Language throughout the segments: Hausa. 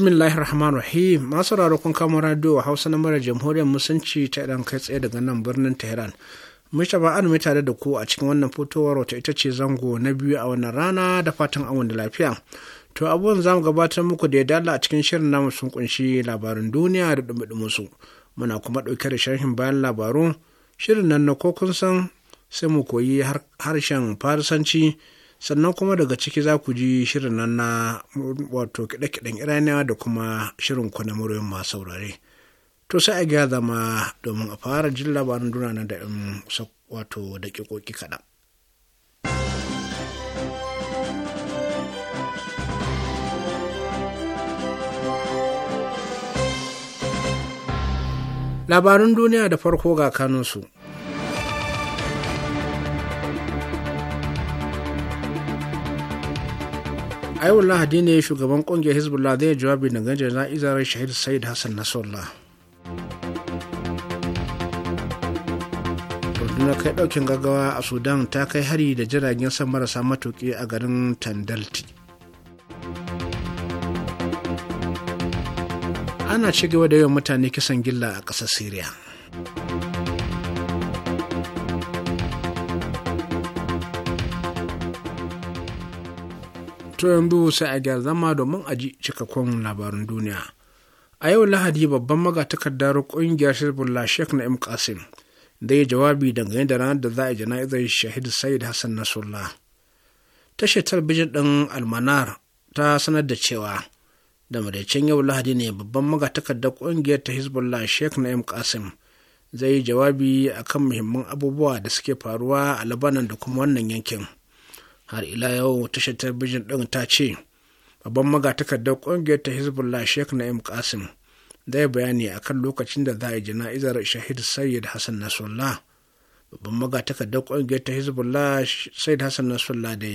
bismillahir rahman rahim masu kun kama radio a hausa na mara jamhuriyar musulunci ta idan kai tsaye daga nan birnin tehran ba an tare da ku a cikin wannan fitowar wata ita ce zango na biyu a wannan rana da fatan awon da lafiya to abubuwan za mu gabatar muku da ya dala a cikin shirin namu sun kunshi labarin duniya da dumi su muna kuma ɗauke da sharhin bayan labaru shirin nan na ko kun san sai mu koyi harshen farisanci sannan kuma daga ciki za ku ji shirin nan na wato kiɗe-kiɗen iraniya da kuma shirin ku na muryoyin masu saurare to sai a gya zama domin a fara jin labarin duna na da wato da ƙiƙoƙi kaɗan labarun duniya da farko ga kanunsu a yau lahadi ne shugaban kungiyar hezbollah zai jawabi na dangane da na'izar shahid said hassan nasrallah rundunar kai ɗaukin gaggawa a sudan ta kai hari da jiragen san marasa matuƙi a garin tandalti ana cigaba da yawan mutane kisan gilla a ƙasar siriya To yanzu sai a gyara zama domin a ji cikakkun labarin duniya. A yau Lahadi babban magatakardar ƙungiyar Hezbollah Sheikh Na'im Qasim da ya jawabi dangane da ranar da za a jana'izar Shahid Said Hassan Nasrullah. Tashar talabijin ɗin Almanar ta sanar da cewa da madaicin yau Lahadi ne babban magatakardar ƙungiyar ta Hezbollah Sheikh Na'im Qasim zai yi jawabi akan muhimman abubuwa da suke faruwa a Labanan da kuma wannan yankin. har ila yau tashar talabijin ɗin ta ce babban magatakardar ƙungiyar ta hezbollah sheikh na'im qasim zai bayani akan lokacin da za a yi jana'izar shahid sayyid hassan nasrallah babban magatakardar ƙungiyar ta hezbollah sayyid hassan nasrallah da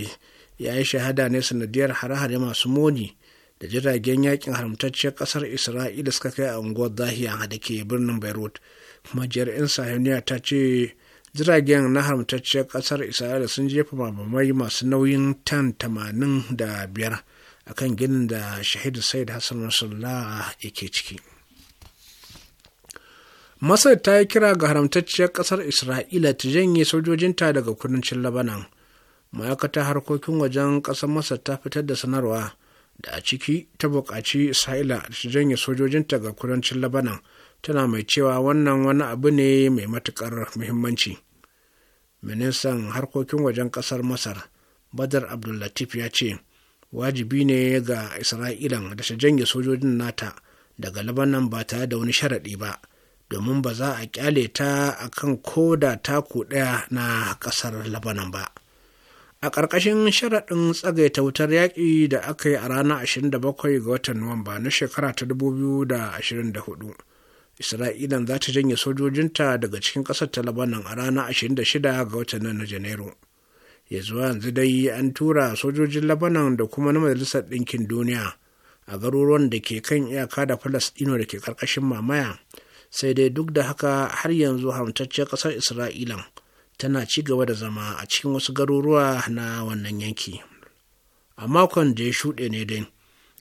ya yi shahada ne sanadiyar hare-hare masu moni da jiragen yakin haramtacciyar ƙasar isra'ila suka kai a unguwar zahiya da ke birnin beirut kuma majiyar 'yan sahiyoniya ta ce jiragen na haramtacciyar ƙasar isra'ila sun jefa mamamai masu nauyin tan tamanin 85 a kan ginin da shahidu said hassan nasrallah yake ciki masar ta yi kira ga haramtacciyar ƙasar isra'ila ta janye sojojinta daga kudancin labanan ma'aikatar harkokin wajen ƙasar masar ta fitar da sanarwa da a ciki ta buƙaci isra'ila ta janye sojojinta ga kudancin labanan tana mai cewa wannan wani abu ne mai matuƙar muhimmanci ministan harkokin wajen kasar masar badar abdullatif ya ce wajibi ne ga isra'ilan da ta janye sojojin nata daga labanan ba tare da wani sharaɗi ba domin ba za a kyale ta a kan koda taku ɗaya na ƙasar labanan ba a ƙarƙashin sharaɗin tsagaita wutar yaƙi da aka yi a ranar 27 ga watan nuwamba na shekara ta 2024 isra'ilan za ta janye sojojinta daga cikin ƙasar ta labanan a ranar 26 ga watan na janairu ya zuwa yanzu dai an tura sojojin labanan da kuma na majalisar ɗinkin duniya a garuruwan da ke kan iyaka da falastino da ke ƙarƙashin mamaya sai dai duk da haka har yanzu haramtacciyar ƙasar isra'ilan tana ci gaba da zama a cikin wasu garuruwa na wannan yanki a makon da ya shuɗe ne dai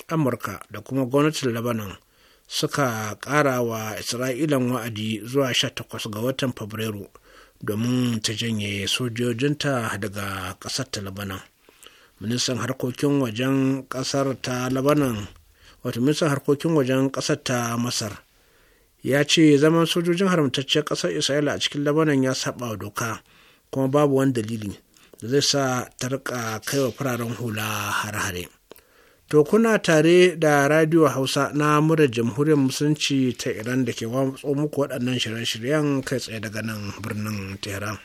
amurka da kuma gwamnatin labanan suka ƙara wa isra'ilan wa'adi zuwa 18 ga watan fabrairu domin ta janye sojojinta daga ƙasar ta labanan ministan harkokin wajen ƙasar ta labanan wato ministan harkokin wajen ƙasar ta masar ya ce zaman sojojin haramtacciyar ƙasar isra'ila a cikin labanan ya saba wa doka kuma babu wani dalili da zai sa ta rika kaiwa fararen hula har-hare. To kuna tare da Radio Hausa na murar Jamhuriyar Musulunci ta Iran da ke watsa muku waɗannan shirye-shiryen kai tsaye daga nan birnin Tehran.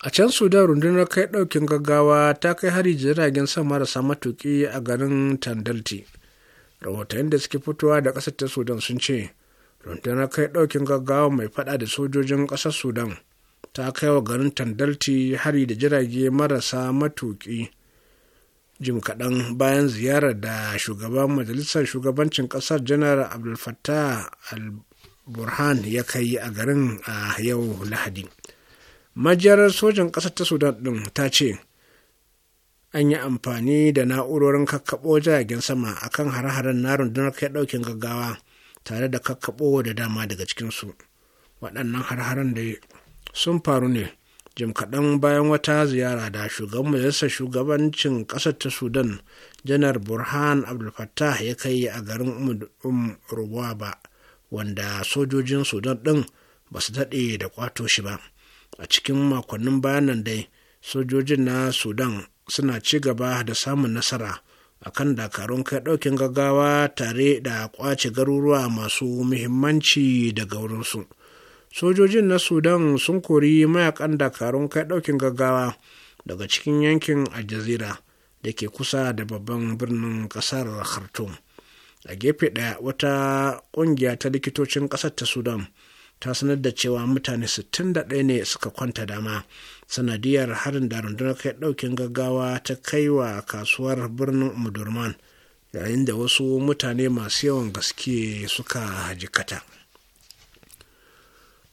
A can Sudan rundunar kai ɗaukin gaggawa ta kai hari jiragen sama marasa matuƙi a garin Tandalti. Rahotannin da suke fitowa da ƙasar ta Sudan sun ce, rundunar kai ɗaukin gaggawa mai faɗa da sojojin ƙasar Sudan ta kai wa garin Tandalti hari da jirage marasa matuƙi. jim kaɗan bayan ziyarar da shugaban majalisar shugabancin ƙasar janar abdulfattah al-burhan ya kai a garin a yau lahadi majiyar sojan ƙasar ta sudan ɗin ta ce an yi amfani da na'urorin kakkaɓo jiragen sama akan hare-haren na rundunar kai ɗaukin gaggawa tare da kakkaɓo da dama daga cikinsu waɗannan har-haren da sun faru ne jim kaɗan bayan wata ziyara da shugaban majalisar shugabancin ƙasar ta sudan janar burhan abdulfattah ya kai a garin um umm ba wanda sojojin sudan ɗin ba su daɗe da ƙwato shi ba a cikin makonnin bayanan dai sojojin na sudan suna ci gaba da samun nasara a kan dakarun kai ɗaukin gaggawa tare da ƙwace garuruwa masu muhimmanci daga wurinsu. sojojin na sudan sun kori mayakan dakarun kai daukin gaggawa daga cikin yankin aljazira da ke kusa da babban birnin kasar khartoum a gefe ɗaya wata ƙungiya ta likitocin ƙasar ta sudan ta sanar da cewa mutane 61 ne suka kwanta dama sanadiyar harin da rundunar kai daukin gaggawa ta kai wa kasuwar birnin mudurman yayin da wasu mutane masu yawan gaske suka jikata.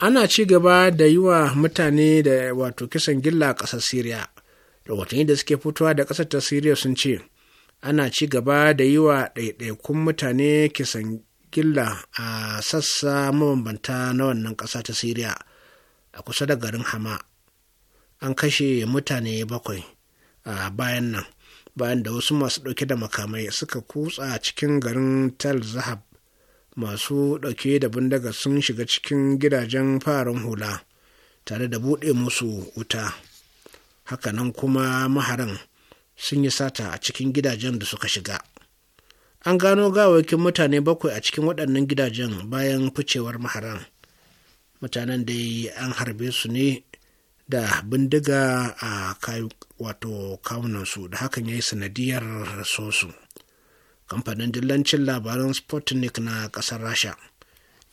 ana ci gaba da yi wa mutane da wato kisan gilla a ƙasar siriya watanni da suke fitowa da ƙasar ta siriya sun ce ana ci gaba da yi wa ɗaiɗaikun mutane kisan gilla a sassa mabambanta na wannan ƙasa ta siriya a kusa da garin hama an kashe mutane bakwai a bayan nan bayan da wasu masu ɗauke da makamai suka kutsa cikin garin tal zahab masu ɗauke da bindiga sun shiga cikin gidajen farin hula tare da buɗe musu wuta hakanan kuma maharan sun yi sata a cikin gidajen da suka shiga an gano gawakin mutane bakwai a cikin waɗannan gidajen bayan ficewar maharan mutanen dai an harbe su ne da bindiga a wato kawunansu da hakan ya yi sanadiyar sosu kamfanin dillancin labaran sputnik na ƙasar rasha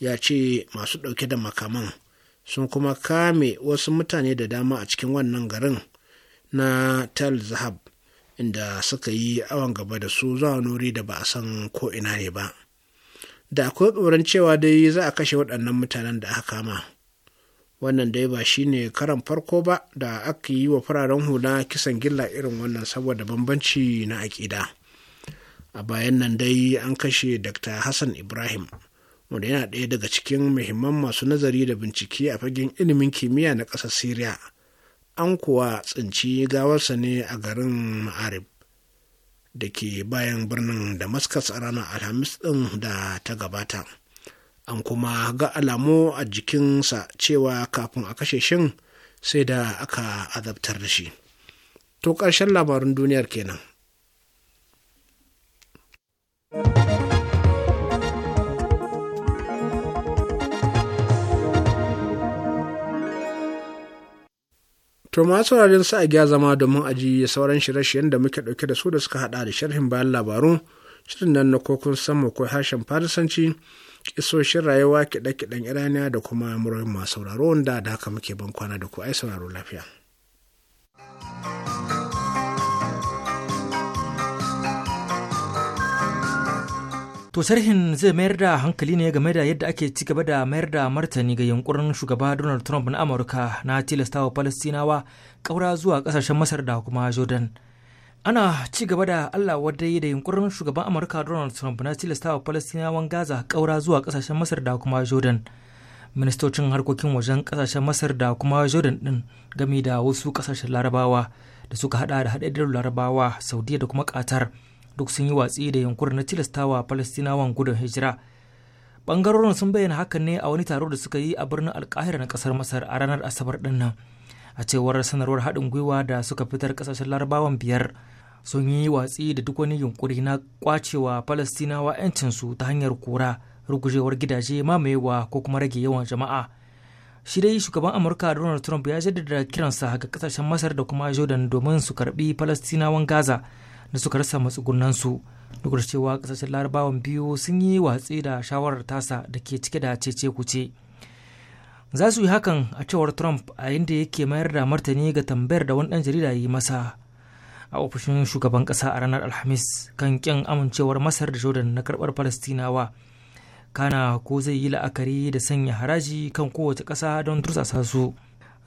ya ce masu ɗauke da makaman sun kuma kame wasu mutane da dama a cikin wannan garin na tel zahab inda suka yi awon gaba da su zuwa nuri da ba a san ko ina ne ba da akwai tsoron cewa dai za a kashe waɗannan mutanen da aka kama wannan dai ba shi ne karan farko ba da aka yi wa fararen hula kisan gilla irin wannan saboda bambanci na aƙida a bayan nan dai an kashe dr hassan ibrahim wanda yana ɗaya daga cikin muhimman masu nazari da bincike a fagen ilimin kimiyya na ƙasar syria an kuwa tsinci gawarsa ne a garin ma'arib da ke bayan birnin damascus a ranar alhamis ɗin da ta gabata an kuma ga alamu a jikinsa cewa kafin a kashe shin sai da aka azabtar da shi to ƙarshen labarin duniyar kenan To masu sauraron sa a gya zama domin a ji sauran shirye-shiryen da muke ɗauke da su da suka haɗa da sharhin bayan labaru, shirin nan na kokun samu ko harshen farisanci, isoshin rayuwa kiɗe kiɗan iraniya da kuma muryoyin masu sauraro wanda da haka muke ban kwana da ku ai sauraro lafiya. To sarhin zai mayar da hankali ne game da yadda ake ci gaba da mayar da martani ga yunkurin shugaba Donald Trump na Amurka na tilastawa Falastinawa ƙaura zuwa ƙasashen Masar da kuma Jordan. Ana ci gaba da Allah wadai da yunkurin shugaban Amurka Donald Trump na tilastawa Falastinawan Gaza ƙaura zuwa kasashen Masar da kuma Jordan. Ministocin harkokin wajen ƙasashen Masar da kuma Jordan ɗin game da wasu kasashen Larabawa da suka hada da hadaddar Larabawa, Saudiya da kuma Qatar. duk sun yi watsi da yankunan na tilastawa Falastinawan gudun hijira. Bangarorin sun bayyana hakan ne a wani taro da suka yi a birnin Alkahira na kasar Masar a ranar Asabar din A cewar sanarwar haɗin gwiwa da suka fitar ƙasashen Larabawan biyar sun yi watsi da duk wani yunkuri na kwacewa Falastinawa 'yancinsu ta hanyar kura rugujewar gidaje, mamayewa ko kuma rage yawan jama'a. shi dai shugaban amurka donald trump ya jaddada kiransa ga kasashen masar da kuma jordan domin su karbi falastinawan gaza da suka rasa matsugunansu duk da cewa kasashen larabawan biyu sun yi watsi da shawarar tasa da ke cike da cece kuce za su yi hakan a cewar trump a inda yake mayar da martani ga tambayar da wani dan jarida yi masa a ofishin shugaban kasa a ranar alhamis kan kyan amincewar masar da jordan na karbar falastinawa kana ko zai yi la'akari da sanya haraji kan kowace ƙasa don tursasa su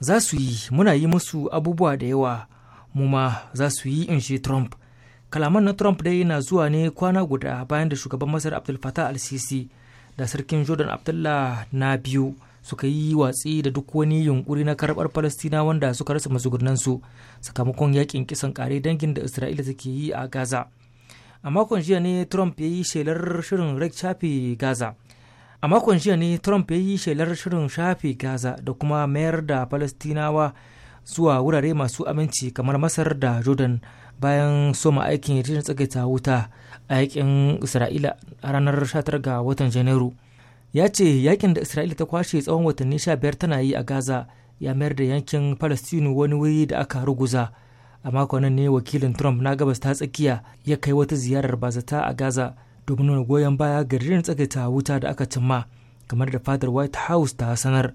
za su yi muna yi musu abubuwa da yawa mu ma za su yi in shi trump kalaman na trump dai na zuwa ne kwana guda bayan da shugaban masar abdul fatah al-sisi da sarkin jordan abdullah na biyu suka yi watsi da duk wani yunkuri na karbar palestina wanda suka rasa mazugurnansu sakamakon yakin kisan kare dangin da isra'ila take yi a gaza a makon jiya ne trump ya yi shelar shirin shafe gaza a makon jiya ne trump ya yi shelar shirin shafe gaza da kuma mayar da palestinawa zuwa wurare masu aminci kamar masar da jordan bayan soma aikin yarina tsagaita wuta a yakin isra'ila a ranar 19 ga watan janairu ya ce yakin da isra'ila ta kwashe tsawon watanni 15 tana yi a gaza ya mayar da yankin palestinu wani wuri da aka ruguza a makonan ne wakilin trump na gabas ta tsakiya ya kai wata ziyarar bazata a gaza domin nuna goyon baya ga ririn tsagaita wuta da aka cimma kamar da fadar white house ta sanar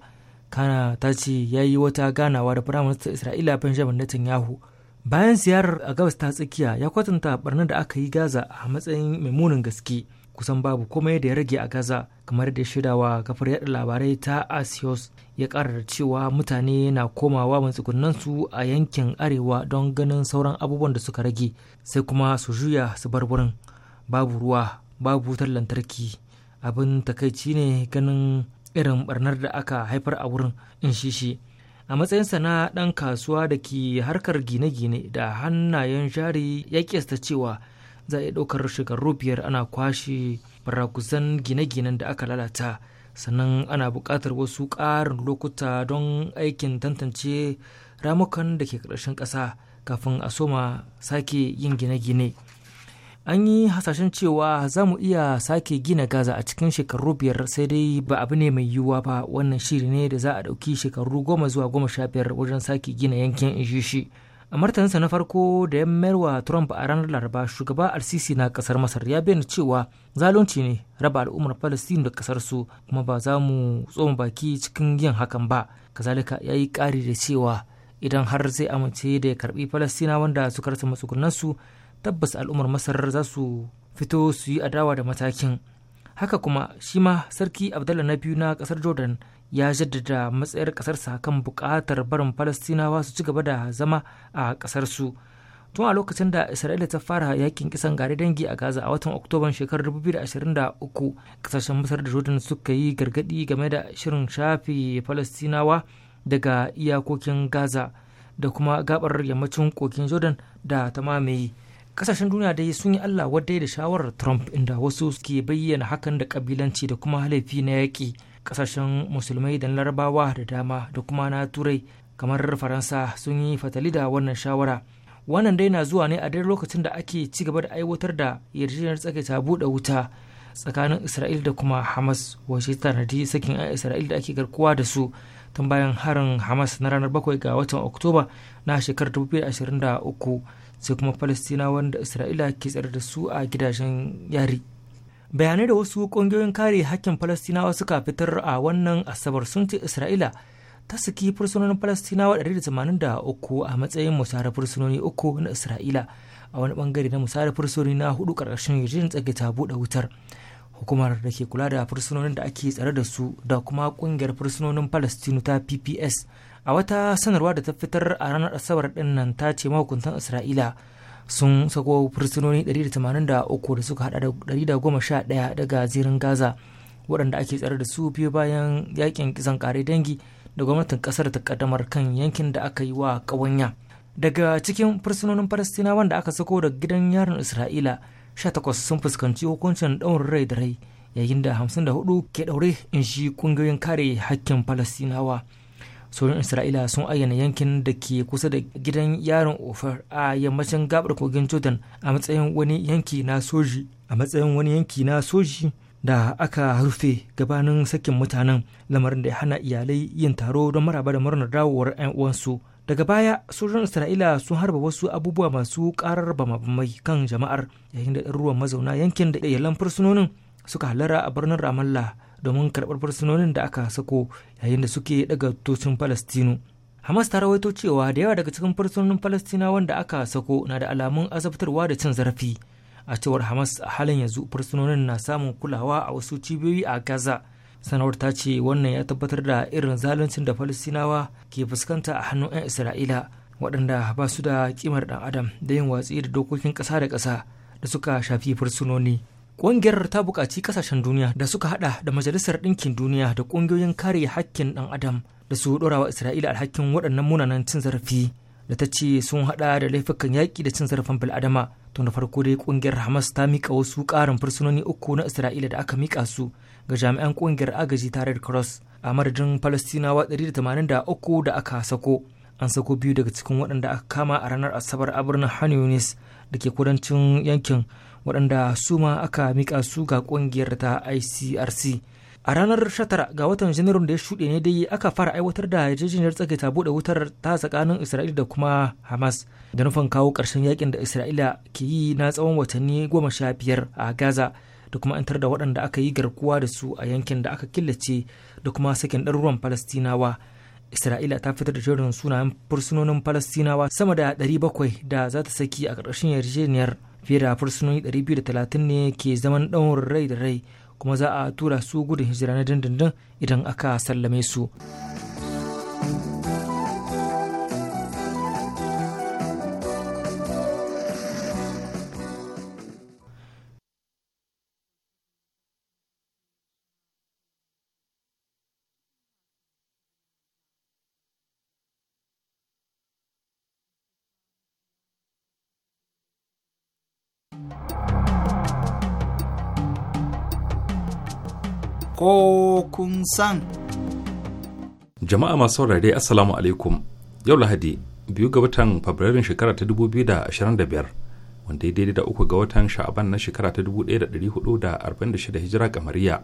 kana ta ce ya yi wata ganawa da firaministan isra'ila benjamin netanyahu bayan ziyarar a gabas ta tsakiya ya kwatanta barnar da aka yi gaza a matsayin mai gaske kusan babu komai da ya rage a gaza kamar da shaidawa kafar yada labarai ta asios ya kara cewa mutane na komawa su a yankin arewa don ganin sauran abubuwan da suka rage sai kuma su juya su bar wurin babu ruwa babu wutar lantarki abin takaici ne ganin irin barnar da aka haifar a wurin in shi shi a matsayinsa na ɗan kasuwa da ke harkar gine-gine da hannayen jari ya kesta cewa za a ɗaukar shekaru biyar ana kwashe barakusan gine-ginen da aka lalata sannan ana buƙatar wasu ƙarin lokuta don aikin tantance ramukan da ke ƙarshen ƙasa kafin a soma sake yin gine-gine an yi hasashen cewa za mu iya sake gina gaza a cikin shekaru biyar sai dai ba abu ne mai yiwuwa ba wannan shiri ne da za a ɗauki shekaru goma zuwa goma sha biyar wajen sake gina yankin ishishi a martaninsa na farko da ya mayarwa trump a ranar laraba shugaba al na kasar masar ya bayyana cewa zalunci ne raba al'ummar palestine da kasar su kuma ba za mu tsoma baki cikin yin hakan ba kazalika ya yi ƙari da cewa idan har zai amince da ya karbi palestina wanda suka rasa matsugunan su tabbas al'ummar masar za su fito su yi adawa da matakin haka kuma shi ma sarki abdullah na biyu na kasar jordan ya jaddada matsayar kasarsa kan bukatar barin falastinawa su ci gaba da zama a kasarsu tun a lokacin da isra'ila ta fara yakin kisan gare dangi a gaza a watan oktoban shekarar 2023 kasashen masar da jordan suka yi gargadi game da shirin shafi falastinawa daga iyakokin gaza da kuma gabar yammacin kokin jordan da ta mamaye kasashen duniya dai sun yi allah wadai da shawarar trump inda wasu suke bayyana hakan da kabilanci da kuma halifi na yaƙi kasashen musulmai da larabawa da dama da kuma na turai kamar faransa sun yi fatali da wannan shawara wannan dai na zuwa ne a dare lokacin da ake ci gaba da aiwatar da yarjejeniyar tsakaita ta buɗe wuta tsakanin isra'il da kuma hamas wace tanadi sakin a isra'il da ake garkuwa da su tun bayan harin hamas na ranar 7 ga watan oktoba na shekarar 2023 sai kuma Falastinawan wanda isra'ila ke tsare da su a gidajen yari bayanai da wasu ƙungiyoyin kare hakkin falastinawa suka fitar a wannan asabar sun ce isra'ila ta saki fursunonin falastinawa 183 a matsayin musara fursunoni uku na isra'ila a wani bangare na musara fursunoni na hudu ƙarƙashin yajin tsage ta buɗe wutar hukumar da ke kula da fursunonin da ake tsare da su da kuma ƙungiyar fursunonin falastinu ta pps a wata sanarwa da ta fitar a ranar asabar din nan ta ce mahukuntan isra'ila sun sako fursunoni 183 da suka hada da 111 daga zirin gaza waɗanda ake tsare da su biyu bayan yakin kisan kare dangi da gwamnatin kasar ta kaddamar kan yankin da aka yi wa kawanya. daga cikin fursunonin falastina wanda aka sako da gidan yaron isra'ila 18 sun fuskanci hukuncin ɗaurin rai da rai yayin da 54 ke ɗaure in shi ƙungiyoyin kare hakkin falastinawa sojin isra'ila sun ayyana yankin da ke kusa da gidan yaron ofar a yammacin gabar kogin jordan a matsayin wani yanki na soji a matsayin wani yanki na soji da aka rufe gabanin sakin mutanen lamarin da ya hana iyalai yin taro don maraba da murnar dawowar 'yan uwansu daga baya sojojin isra'ila sun harba wasu abubuwa masu karar bamabamai kan jama'ar yayin da ɗaruruwan mazauna yankin da iyalan fursunonin suka halara a birnin ramallah domin karɓar fursunonin da aka sako yayin da suke daga tutocin Falastinu. Hamas ta rawaito cewa da yawa daga cikin fursunonin Falastina wanda aka sako na da alamun azabtarwa da cin zarafi. A cewar Hamas a halin yanzu fursunonin na samun kulawa a wasu cibiyoyi a Gaza. Sanarwar ta ce wannan ya tabbatar da irin zaluncin da Falastinawa ke fuskanta a hannun 'yan Isra'ila waɗanda ba su da kimar ɗan adam da yin watsi da dokokin ƙasa da ƙasa da suka shafi fursunoni. Ƙungiyar ta buƙaci ƙasashen duniya da suka haɗa da Majalisar Ɗinkin Duniya da ƙungiyoyin kare haƙƙin ɗan Adam da su ɗorawa Isra'ila alhakin waɗannan munanan cin zarafi da ta ce sun haɗa da laifukan yaƙi da cin zarafin bil'adama. Tun da farko dai ƙungiyar Hamas ta miƙa wasu ƙarin fursunoni uku na Isra'ila da aka miƙa su ga jami'an ƙungiyar agaji ta red Cross a madadin Falastinawa 183 da aka sako. An sako biyu daga cikin waɗanda aka kama a ranar Asabar a birnin Hanunis da ke kudancin yankin waɗanda su ma aka mika su ga ƙungiyar ta icrc a ranar 19 ga watan janairun da ya shuɗe ne dai aka fara aiwatar da yarjejeniyar tsage ta buɗe wutar ta tsakanin isra'ila da kuma hamas da nufin kawo ƙarshen yakin da isra'ila ke yi na tsawon watanni goma sha biyar a gaza da kuma antar da waɗanda aka yi garkuwa da su a yankin da aka killace da kuma sakin ɗaruruwan falastinawa isra'ila ta fitar da jerin sunayen fursunonin falastinawa sama da ɗari bakwai da za ta saki a ƙarƙashin yarjejeniyar fiye da fursunoni 230 ne ke zaman ɗaurin rai da rai kuma za a tura su gudun hijira na dindindin idan aka sallame su. ko kun san. Jama'a masu saurare Assalamu alaikum yau Lahadi biyu ga watan Fabrairun shekara ta 2025 wanda ya daidai da uku ga watan Sha'aban na shekara ta 1446 hijira kamariya.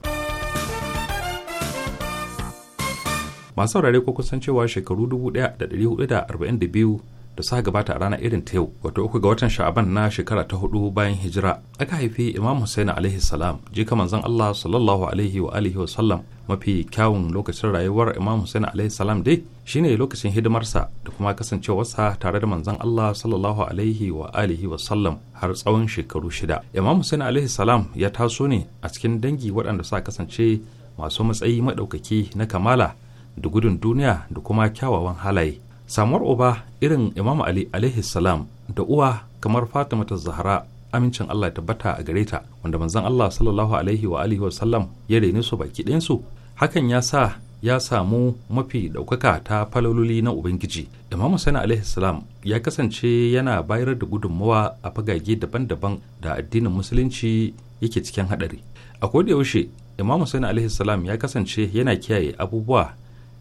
Masu saurare ko kun san cewa shekaru 1442 da suka gabata a ranar irin ta yau wato uku ga watan sha'aban na shekara ta hudu bayan hijira aka haifi imam hussein alaihi salam jika manzon allah sallallahu alaihi wa alihi wa sallam mafi kyawun lokacin rayuwar imam hussein alaihi salam dai shine lokacin hidimarsa da kuma kasancewarsa tare da manzon allah sallallahu alaihi wa alihi wa sallam har tsawon shekaru shida imam hussein alaihi salam ya taso ne a cikin dangi waɗanda suka kasance masu matsayi madaukaki na kamala da gudun duniya da kuma kyawawan halaye samuwar uba irin imam ali alaihi salam da uwa kamar fatima ta Zahara, amincin allah tabbata a gare ta wanda manzon allah sallallahu alaihi wa alihi wasallam ya rene su baki ɗayansu hakan ya sa ya samu mafi ɗaukaka ta falololi na ubangiji imam sani alaihi salam ya kasance yana bayar da gudunmawa a fagage daban-daban da addinin musulunci yake cikin haɗari a yaushe imam sani alaihi salam ya kasance yana kiyaye abubuwa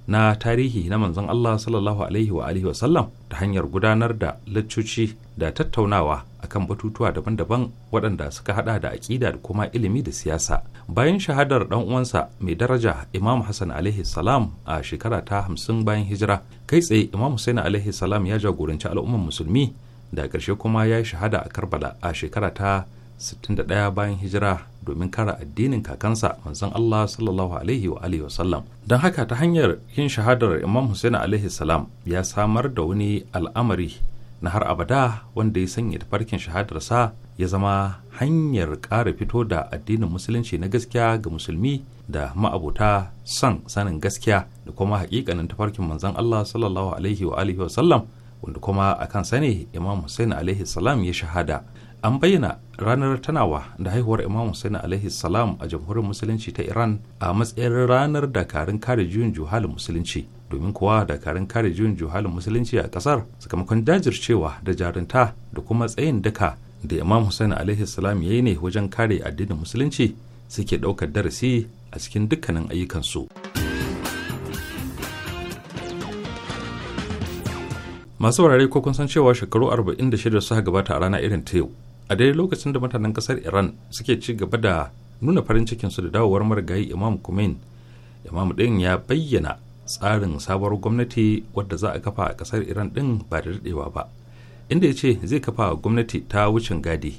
na tarihi na manzon Allah sallallahu alaihi wa alihi ta hanyar gudanar da laccoci da tattaunawa a kan batutuwa daban-daban waɗanda suka hada da aƙida da kuma ilimi da siyasa bayan shahadar ɗan uwansa mai daraja Imam Hassan alaihi salam a shekara ta hamsin bayan hijira kai tsaye Imam Hussein alaihi salam ya jagoranci al'ummar musulmi da ƙarshe kuma ya yi shahada a Karbala a shekara ta 61 bayan hijira domin kara addinin kakansa manzon Allah sallallahu alaihi wa alihi wasallam don haka ta hanyar yin shahadar Imam Hussein alaihi salam ya samar da wani al'amari na har abada wanda ya sanya tafarkin shahadarsa ya zama hanyar ƙara fito da addinin musulunci na gaskiya ga musulmi da ma'abuta son sanin gaskiya da kuma hakikanin tafarkin manzon Allah sallallahu alaihi wa alihi wasallam wanda kuma akan kan sani Imam Hussein alaihi salam ya shahada an bayyana ranar tanawa da haihuwar imam hussein alaihi salam a jamhuriyar musulunci ta iran a matsayin ranar dakarun kare juyin juhalin musulunci domin kuwa dakarun kare juyin juhalin musulunci a kasar sakamakon jajircewa da jarinta da kuma tsayin duka da imam hussein alaihi salam ya yi ne wajen kare addinin musulunci suke ɗaukar darasi a cikin dukkanin ayyukansu. masu wurare ko kun san cewa shekaru 46 suka gabata a rana irin ta yau a daidai lokacin da mutanen kasar iran suke ci gaba da nuna farin cikinsu da dawowar marigayi imam kumain imam din ya bayyana tsarin sabuwar gwamnati wadda za a kafa a kasar iran din ba da daɗewa ba inda ya ce zai kafa gwamnati ta wucin gadi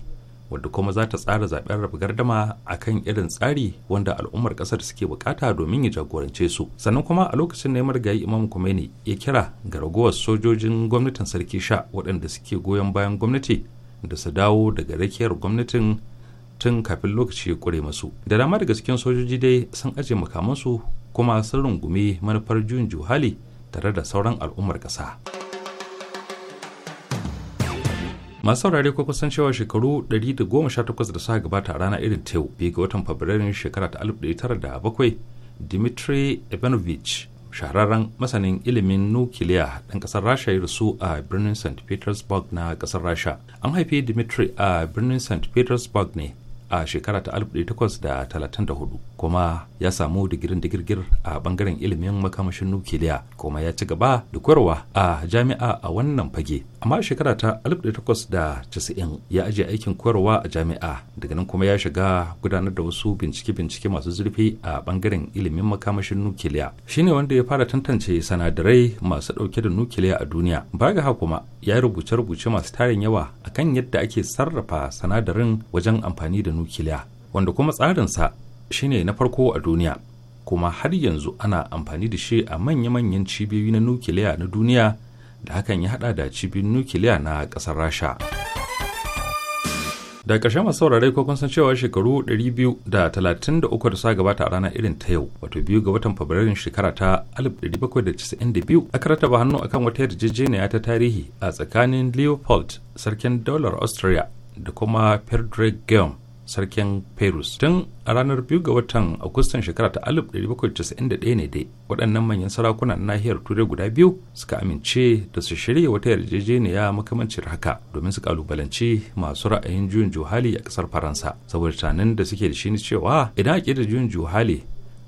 wadda kuma za ta tsara zaɓen rabu gardama a kan irin tsari wanda al'ummar kasar suke bukata domin ya jagorance su sannan kuma a lokacin ne marigayi imam kumaini ya kira ga ragowar sojojin gwamnatin sarki sha waɗanda suke goyon bayan gwamnati da su dawo daga rakiyar gwamnatin tun kafin lokaci ya kure masu da dama daga cikin sojoji dai sun aje makamansu kuma sun rungume manufar juyin juhali tare da sauran al'ummar ƙasa. masu saurare ko kusan cewa shekaru 118 da suka gabata a rana irin ta yau ga watan fabrairun shekara ta 1907 dimitri ivanovich shahararren masanin ilimin nukiliya ɗan ƙasar rasha ya rasu a birnin st petersburg na ƙasar rasha an haifi dimitri a birnin st petersburg ne a shekara ta 1834 kuma ya samu digirin digirgir a bangaren ilimin makamashin nukiliya kuma ya ci gaba da koyarwa a jami'a a wannan fage amma shekara ta 1890 ya ajiye aikin koyarwa a jami'a daga nan kuma ya shiga gudanar da wasu bincike-bincike masu zurfi a bangaren ilimin makamashin nukiliya shine wanda ya fara tantance sanadarai masu dauke da nukiliya a duniya baya ga kuma ya rubuce-rubuce masu tarin yawa akan yadda ake sarrafa sanadarin wajen amfani da nukiliya wanda kuma tsarinsa shine na farko a duniya kuma har yanzu ana amfani da shi a manya-manyan cibiyoyi na nukiliya na duniya da hakan ya hada da cibiyoyin nukiliya na kasar rasha da ƙarshe masu saurare ko kun san cewa shekaru 233 da sa gabata a rana irin ta yau wato biyu ga watan fabrairun shekara ta 1792 aka rataba hannu akan wata yarjejeniya ta tarihi a tsakanin leopold sarkin daular austria da kuma frederick guillaume sarkin Perus. Tun a ranar biyu ga watan Agustan shekara ta 1791 ne dai waɗannan manyan sarakunan nahiyar Turai guda biyu suka amince da su shirya wata yarjejeniya makamancin haka domin su kalubalanci masu ra'ayin juyin juhali a ƙasar Faransa saboda tunanin da suke da shi ne cewa idan ake da juyin juhali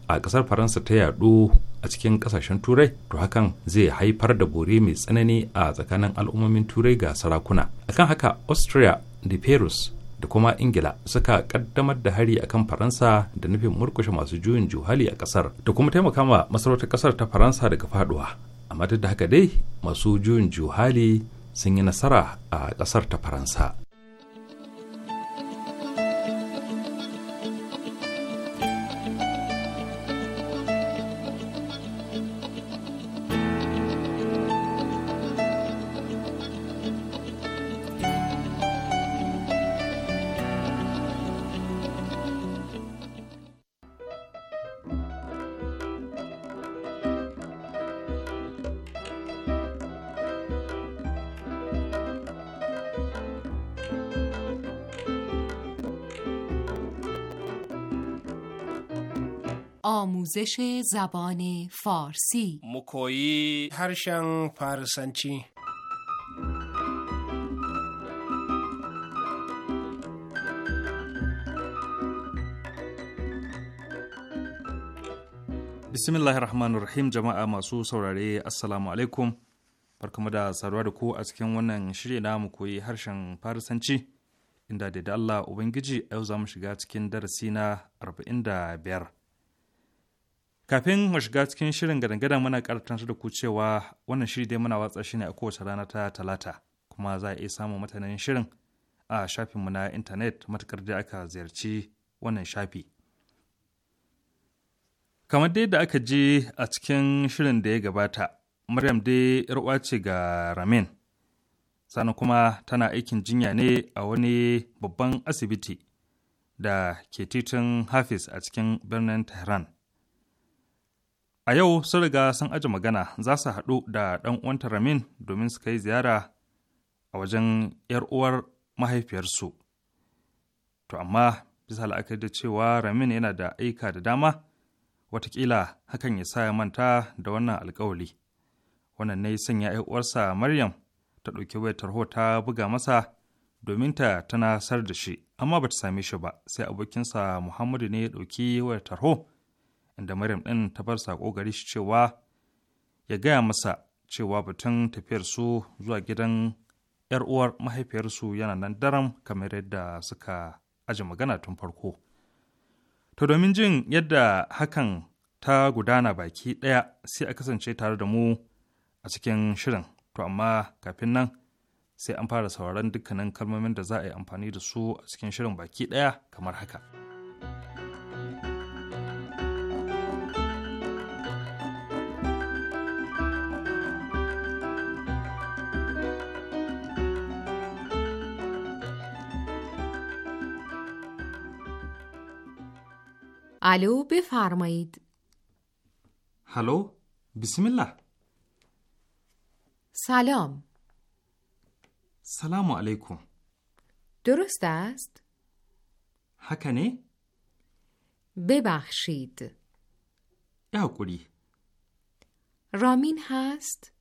a ƙasar Faransa ta yaɗu a cikin ƙasashen turai to hakan zai haifar da bore mai tsanani a tsakanin al'ummomin turai ga sarakuna akan haka austria da perus da kuma ingila suka kaddamar da hari akan faransa da nufin murkushe masu juyin juhali a kasar da kuma taimaka taimakawa masarautar kasar ta faransa daga faduwa amma duk da haka dai masu juyin juhali sun yi nasara a kasar ta faransa آموزش زبان فارسی مکویی harshen فارسنچی bismillahir rahman rahim jama'a masu saurare assalamu alaikum farkama da saruwa da ku a cikin wannan shirya na mu koyi harshen farisanci inda da Allah Ubangiji yau za mu shiga cikin darasi na 45 kafin mu shiga cikin shirin gadan-gadan muna karatar da ku cewa wannan shiri dai muna watsa shi ne a kowace rana ta talata kuma za a iya samun mutanen shirin a shafinmu na intanet matukar da aka ziyarci wannan shafi kamar dai da aka ji a cikin shirin da ya gabata maryam dai yarwa ce ga ramin sannan kuma tana aikin jinya ne a wani babban asibiti da ke titin hafiz a cikin birnin tehran A yau sun riga sun aji magana za su haɗu da ɗan uwanta Ramin domin su kai ziyara a wajen 'yar uwar mahaifiyarsu. To amma bisa la'akari da cewa Ramin yana da aika da dama, watakila hakan ya sa ya manta da wannan alkawali. Wannan ne sanya 'yar uwarsa Maryam ta ɗauki wayar tarho ta buga masa domin ta tana sar da shi, amma ba ta same shi ba, sai abokinsa Muhammadu ne ya ɗauki wayar tarho. inda Maryam ɗin ta bar saƙo gari shi cewa ya gaya masa cewa batun tafiyar su zuwa gidan ‘yar uwar mahaifiyarsu yana nan daram kamar yadda suka aji magana tun farko. To domin jin yadda hakan ta gudana baki ɗaya sai a kasance tare da mu a cikin shirin. To amma kafin nan sai an fara sauraron dukkanin kalmomin da za a yi amfani da su a cikin shirin baki ɗaya kamar haka. الو بفرمایید هلو بسم الله سلام سلام علیکم درست است؟ حکنه؟ ببخشید کلی رامین هست؟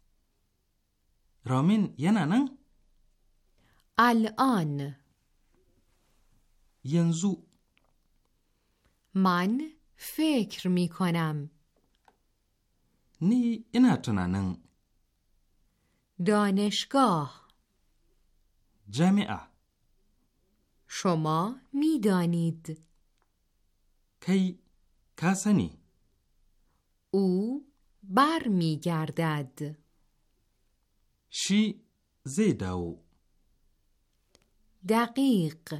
رامین یه نه؟ الان ینزو من فکر می کنم نی اینا تنانن دانشگاه جمعه. شما دانید. کی کسانی؟ او بر می گردد شی زیداو دقیق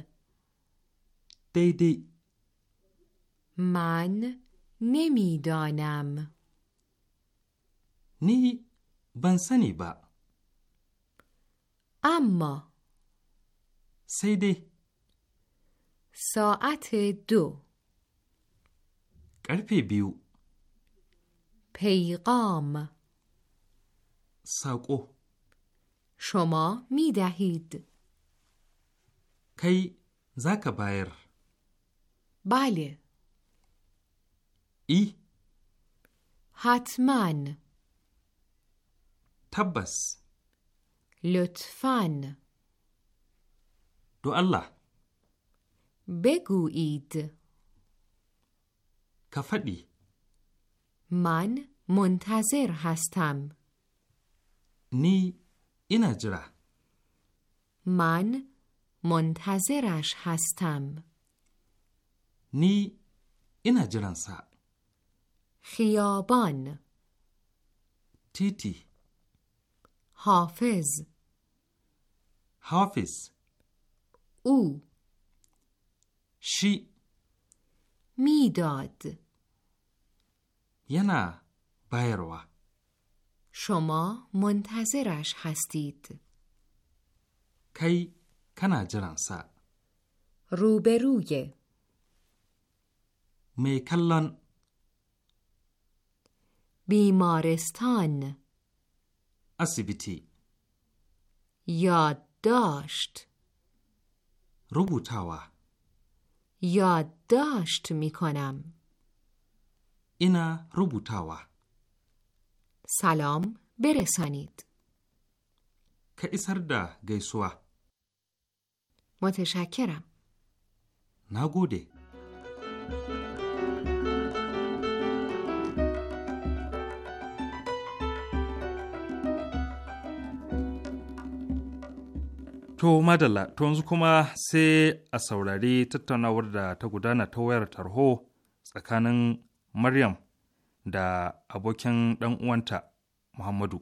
دیدی من نمیدانم نی بنسنی با اما سیده ساعت دو قرپی بیو پیغام ساقو شما می دهید کی زک بایر بله I Hatman Tabbas Lutfan Do Allah Ka faɗi. Man Montazer Hastam Ni Inajra Man Montazerash Hastam Ni ina jiransa. خیابان تیتی حافظ حافظ او شی میداد ینا بایروا شما منتظرش هستید کی کنا جرانسا روبروی می بیمارستان اسیبیتی یادداشت روبوتاوا یادداشت می کنم اینا روبوتاوا سلام برسانید که ایسر گیسوا متشکرم نگوده To madalla, to yanzu kuma sai a saurari tattaunawar da ta gudana ta wayar tarho tsakanin Maryam da abokin ɗan uwanta Muhammadu.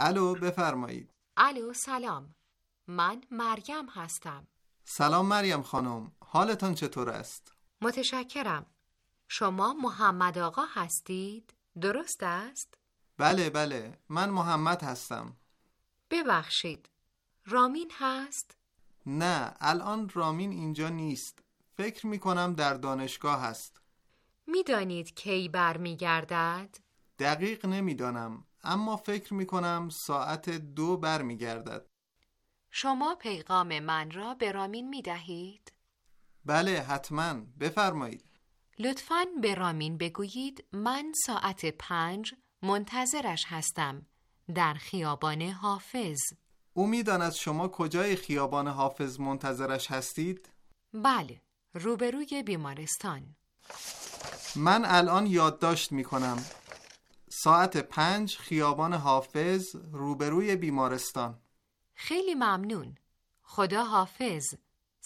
الو بفرمایید الو سلام من مریم هستم سلام مریم خانم حالتان چطور است متشکرم. شما محمد آقا هستید؟ درست است؟ بله بله من محمد هستم ببخشید رامین هست؟ نه الان رامین اینجا نیست فکر می کنم در دانشگاه هست میدانید کی برمیگردد؟ دقیق نمیدانم اما فکر می کنم ساعت دو برمیگردد شما پیغام من را به رامین می دهید؟ بله حتما بفرمایید لطفا به رامین بگویید من ساعت پنج منتظرش هستم در خیابان حافظ او از شما کجای خیابان حافظ منتظرش هستید؟ بله روبروی بیمارستان من الان یادداشت می کنم ساعت پنج خیابان حافظ روبروی بیمارستان خیلی ممنون خدا حافظ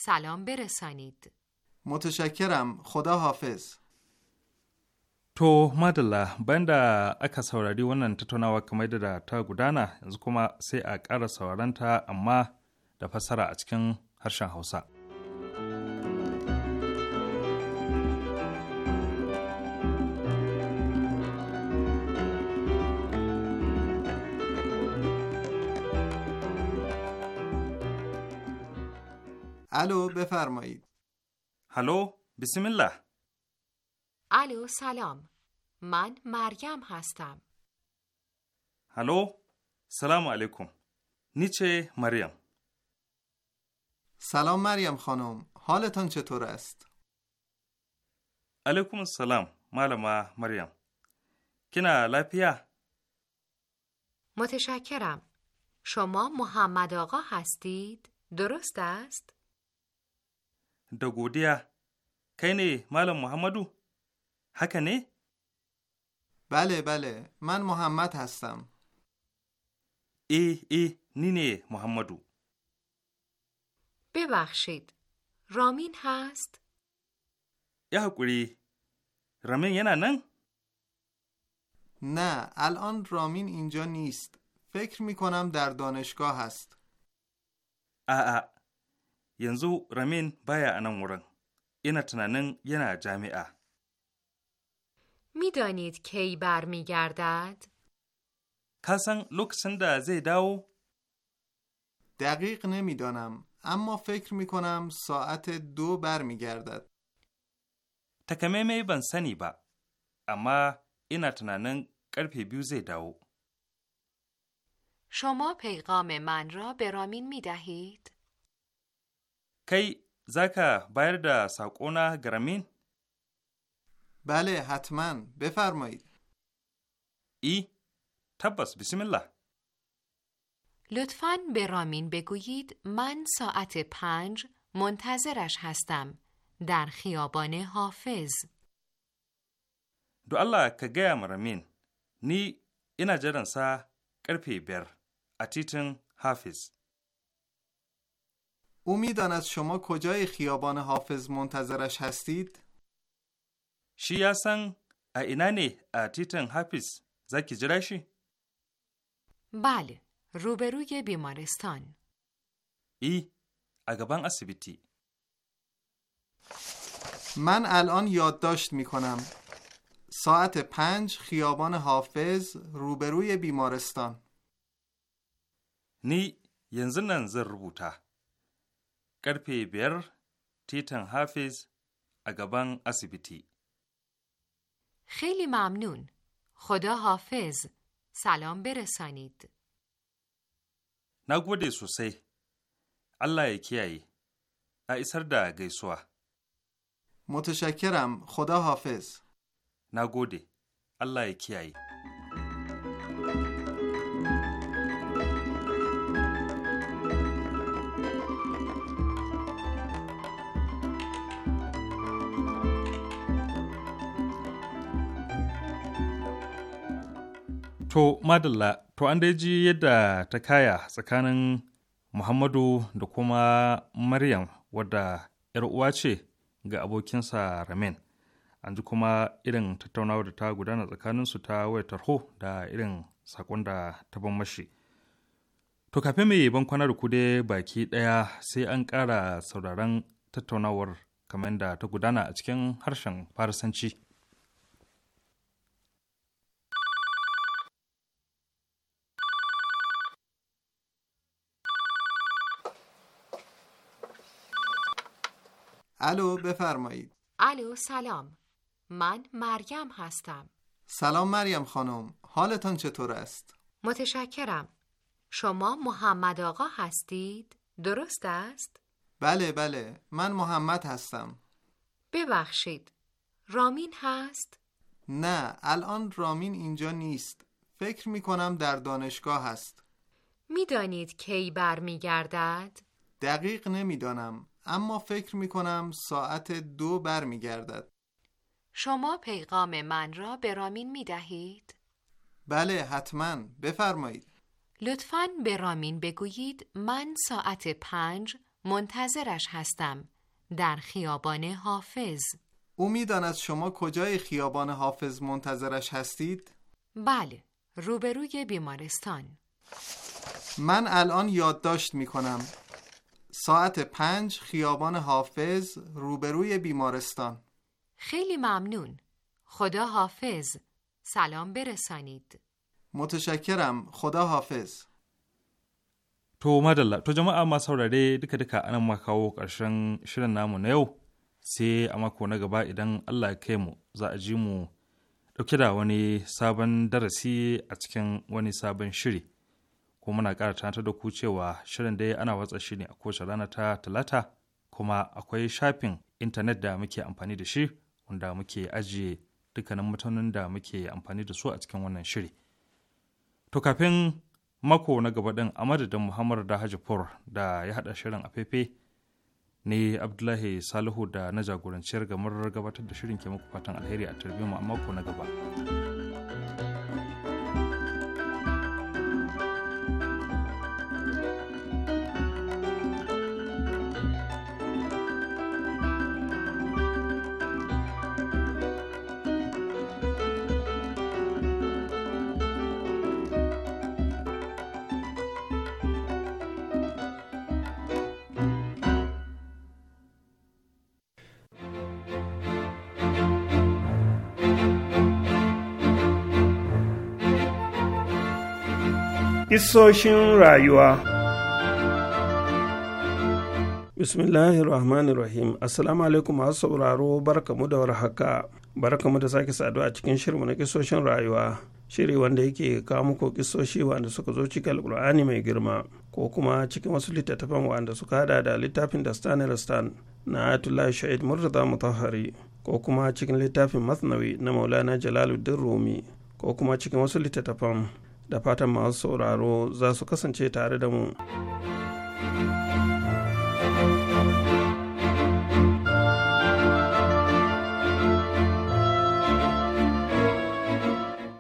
سلام برسانید متشکرم خدا حافظ To madalla banda aka saurari wannan tattaunawa kamar da ta gudana yanzu kuma sai a ƙara sauraranta amma da fassara a cikin harshen Hausa. الو بفرمایید هلو بسم الله الو سلام من مریم هستم هلو سلام علیکم نیچه مریم سلام مریم خانم حالتان چطور است؟ علیکم السلام معلمه مریم کنا لپیا متشکرم شما محمد آقا هستید؟ درست است؟ da godiya kai ne محمدو بله بله من محمد هستم ای ای نینه محمدو ببخشید رامین هست یه رامین یه نن؟ نه الان رامین اینجا نیست فکر می کنم در دانشگاه هست آه ah, ah. yanzu Ramin baya a nan wurin. میدانید کی برمیگردد؟ کسان لوکسن دا داو؟ دقیق نمیدانم اما فکر می کنم ساعت دو برمیگردد. تکمه می بنسنی با اما این تنانن قرپی بیو زی شما پیغام من را به رامین می دهید؟ کی زکا بایر دا ساقونا گرامین؟ بله حتما بفرمایید ای تبس بسم الله لطفا به رامین بگویید من ساعت پنج منتظرش هستم در خیابان حافظ دو الله که گیم رامین نی اینا جرن سا کرپی بر اتیتن حافظ او میداند شما کجای خیابان حافظ منتظرش هستید؟ شی یاسن اتیتن حافظ زکی جرشی؟ بله، روبروی بیمارستان. ای، اگبان اسیبیتی. من الان یادداشت می کنم. ساعت پنج خیابان حافظ روبروی بیمارستان. نی ینزنن زر karfe biyar titin hafiz a gaban asibiti. Khili mamnun, khoda hafiz, salam beresanid. Na gode sosai, Allah ya kiyaye, a isar da gaisuwa. Mutu shakiram, khoda Na gode, Allah ya kiyaye. To, Madalla, to an dai ji yadda ta kaya tsakanin Muhammadu da kuma Maryam wadda ‘yar uwa ce ga abokinsa Ramin. An ji kuma irin tattaunawar da ta gudana tsakaninsu ta waye tarho da irin saƙon da ta ban mashi. To, kafin mai ban kwana da kude baki ɗaya sai an ƙara sauraron tattaunawar kamar da ta gudana a cikin harshen Farisanci. الو بفرمایید الو سلام من مریم هستم سلام مریم خانم حالتان چطور است؟ متشکرم شما محمد آقا هستید؟ درست است؟ بله بله من محمد هستم ببخشید رامین هست؟ نه الان رامین اینجا نیست فکر می کنم در دانشگاه هست میدانید کی برمیگردد؟ دقیق نمیدانم اما فکر می کنم ساعت دو برمیگردد. شما پیغام من را به رامین می دهید؟ بله حتما بفرمایید. لطفا به رامین بگویید من ساعت پنج منتظرش هستم در خیابان حافظ. او میداند شما کجای خیابان حافظ منتظرش هستید؟ بله، روبروی بیمارستان. من الان یادداشت می کنم. ساعت پنج خیابان حافظ روبروی بیمارستان خیلی ممنون خدا حافظ سلام برسانید متشکرم خدا حافظ تو مدلل تو جمعه اما سورا دی دکه دکه انا مخاو کشن شرن نامو نیو سی اما کونه گبا ایدن اللا کیمو زا اجیمو دو کدا وانی سابن درسی اچکن وانی سابن شری kuma muna kara tunatar da ku cewa shirin dai ana watsa shi ne a kowace rana ta talata kuma akwai shafin intanet da muke amfani da shi wanda muke ajiye dukkanin mutanen da muke amfani da su a cikin wannan shiri. To kafin mako na gaba ɗin a madadin Muhammad da Hajifur da ya haɗa shirin a fefe ne Abdullahi Salihu da na jagoranciyar gamar gabatar da shirin ke muku fatan alheri a tarbiyyar mu a mako na gaba. Isoshin rayuwa Bismillahir Rahmanir Rahim Assalamu alaikum masu sauraro barka barkamu da warhaka barkamu da sake saduwa a cikin shirmu na kisoshin rayuwa shiri wanda yake kawo muku kisoshi wanda suka zo cikin alkur'ani mai girma ko kuma cikin wasu littattafan wanda suka hada da littafin da stan stan na atullah shahid murtaza mutahari ko kuma cikin littafin masnawi na maulana jalaluddin rumi ko kuma cikin wasu littattafan da fatan masu sauraro za su kasance tare da mu.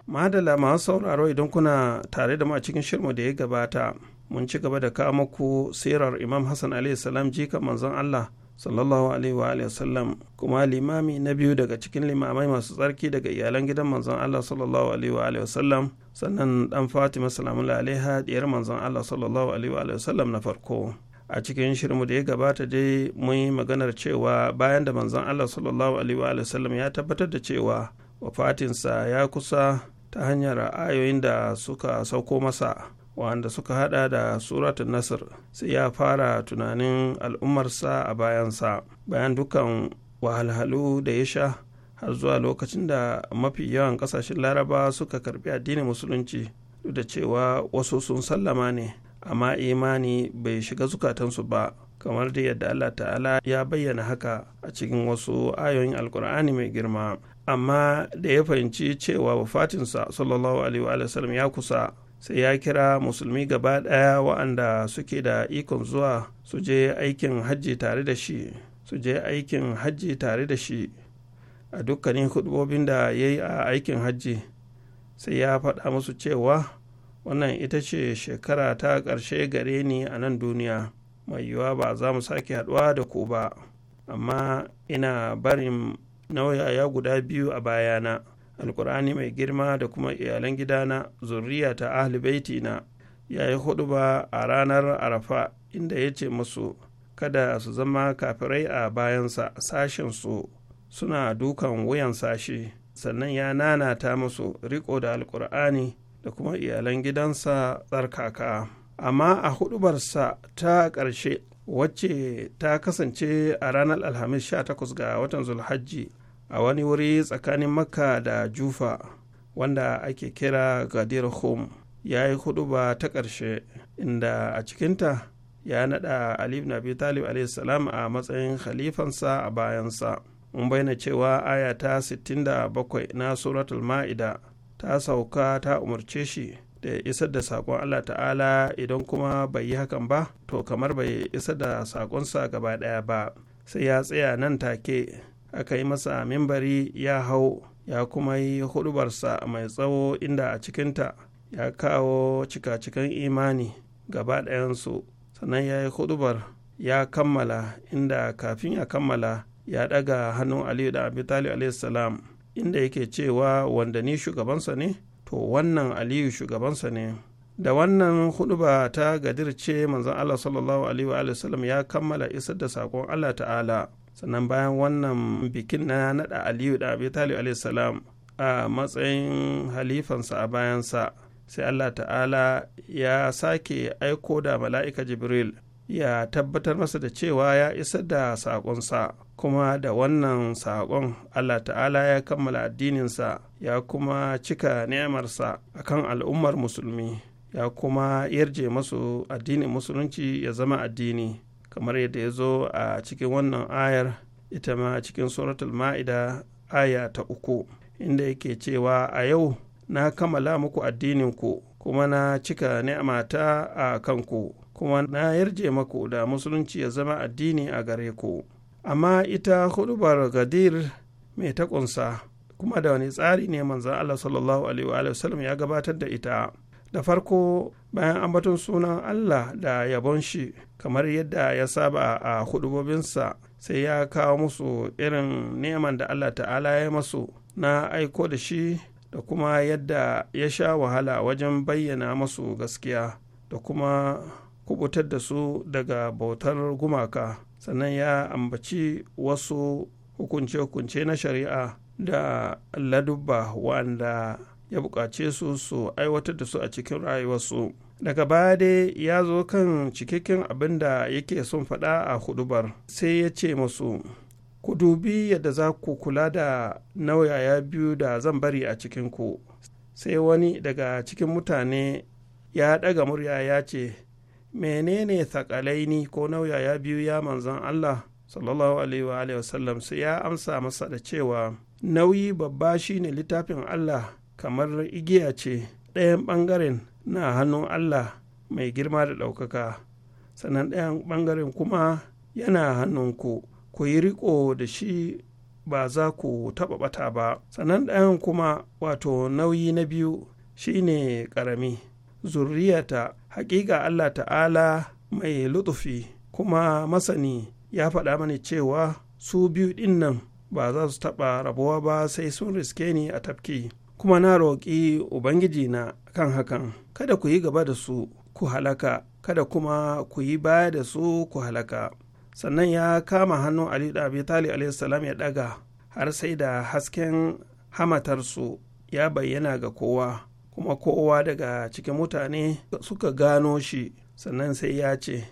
Madala masu sauraro idan kuna tare da mu a cikin shirmu da ya gabata, mun ci gaba da kawo muku sirar Imam Hassan salam jikan manzon Allah sallallahu alaihi wa alihi wasallam kuma limami na biyu daga cikin limamai masu tsarki daga iyalan gidan manzon Allah sallallahu alaihi wa alihi wasallam sannan dan Fatima salamun alaiha diyar manzon Allah sallallahu alaihi wa alihi wasallam na farko a cikin shirmu da ya gabata dai mun yi maganar cewa bayan da manzon Allah sallallahu alaihi wa alihi wasallam ya tabbatar da cewa wafatinsa ya kusa ta hanyar ayoyin da suka sauko masa wanda suka hada da suratun nasir sai ya fara tunanin al'ummarsa a bayansa bayan dukan wahalhalu da ya sha har zuwa lokacin da mafi yawan kasashen laraba suka karbi addinin musulunci duk da cewa wasu sun sallama ne amma imani bai shiga zukatansu ba kamar da yadda allah ta'ala ya bayyana haka a cikin wasu ayoyin alkur'ani mai girma amma da ya fahimci cewa wafatinsa sallallahu alaihi wa sallam ya kusa sai ya kira musulmi gaba ɗaya wa'anda suke da ikon zuwa su je aikin hajji tare da shi su je aikin hajji tare da shi a dukkanin hudubobin da ya yi a aikin hajji sai ya faɗa musu cewa wannan ita ce shekara ta ƙarshe gare ni a nan duniya mai yiwuwa ba za mu sake haɗuwa da ku ba amma ina barin nauyaya guda biyu a bayana alkur'ani mai girma da kuma iyalan gidana zurriya ta ahli baiti na ya yi ba a ranar arafa inda ya ce musu kada su zama kafirai a bayansa sashensu suna dukan wuyan sashi sannan ya nanata musu riko da alkur'ani da kuma iyalan gidansa tsarkaka amma a hudubarsa ta ƙarshe wacce ta kasance a ranar alhamis 18 ga watan zulhajji a wani wuri tsakanin makka da jufa wanda ake kira gadir home ya yi ba ta ƙarshe inda a cikinta ya naɗa Alif na abi talib a matsayin khalifansa a bayansa mun bayyana cewa aya ta 67 na suratul ma'ida ta sauka ta umarce shi da ya isar da sakon Allah ta'ala idan kuma bai yi hakan ba to kamar bai isar da sakonsa gaba ɗaya ba sai ya tsaya nan take aka yi masa mimbari ya hau ya kuma yi hudubarsa mai tsawo inda a cikinta ya kawo cika-cikan imani gaba ɗayansu sannan ya yi hudubar ya kammala inda kafin ya kammala ya ɗaga hannun aliyu da abi salam inda yake cewa wanda ni shugabansa ne to wannan aliyu shugabansa ne da wannan huduba ta gadirce manzon allah sallallahu alaihi wa sallam ya kammala isar da saƙon allah ta'ala sannan bayan wannan bikin na naɗa aliyu da abi talib alaihissalam a matsayin halifansa a bayansa sai allah ta'ala ya sake aiko da mala'ika jibril ya tabbatar masa da cewa ya isa da saƙonsa kuma da wannan saƙon allah ta'ala ya kammala addininsa ya kuma cika ni'amarsa akan al'ummar musulmi ya kuma yarje masu addinin musulunci ya zama addini kamar yadda ya zo a cikin wannan ayar ita ma cikin suratul ma'ida aya ta uku inda yake cewa a yau na kammala muku addininku kuma na cika ni'amata a kanku kuma na yarje maku da musulunci ya zama addini a gare ku amma ita hudubar gadir mai ta kunsa kuma da wani tsari ne manzan Allah sallallahu alaihi wa sallam ya gabatar da ita da farko bayan ambaton sunan Allah da yabon shi kamar yadda ya saba a hudubobinsa sai ya kawo musu irin neman da allah ta'ala ya masu na aiko da shi da kuma yadda ya sha wahala wajen bayyana masu gaskiya da kuma kubutar da su daga bautar gumaka sannan ya ambaci wasu hukunce-hukunce na shari'a da ladubba wanda ya buƙace su su aiwatar da su a cikin rayuwarsu daga baya dai ya zo kan cikakken abin da yake son faɗa a hudubar sai ya ce masu ku dubi yadda za ku kula da nauyaya biyu da zan bari a cikinku sai wani daga cikin mutane ya ɗaga murya ya ce menene ne ko nauyaya biyu ya manzan allah sallallahu alaihi wasallam sai ya amsa masa da cewa nauyi babba shine littafin allah kamar igiya ce ɗayan ɓangaren na hannun allah mai girma da ɗaukaka sannan ɗayan ɓangaren kuma yana hannunku ku yi riƙo da shi ba za ku taɓa ɓata ba sannan ɗayan kuma wato nauyi na biyu shi ne ƙarami zurriyata haƙiƙa allah ta'ala mai lutufi kuma masani ya faɗa mani cewa su biyu ɗin nan ba za su taɓa rabuwa ba sai sun riske ni a tafki kuma na roƙi ubangiji na kan hakan, kada ku yi gaba da su ku halaka, kada kuma ku yi baya da su ku halaka. Sannan ya kama hannun Ali da Abitali Salam ya ɗaga har sai da hasken hamatarsu ya bayyana ga kowa, kuma kowa daga cikin mutane suka gano shi, sannan sai ya ce,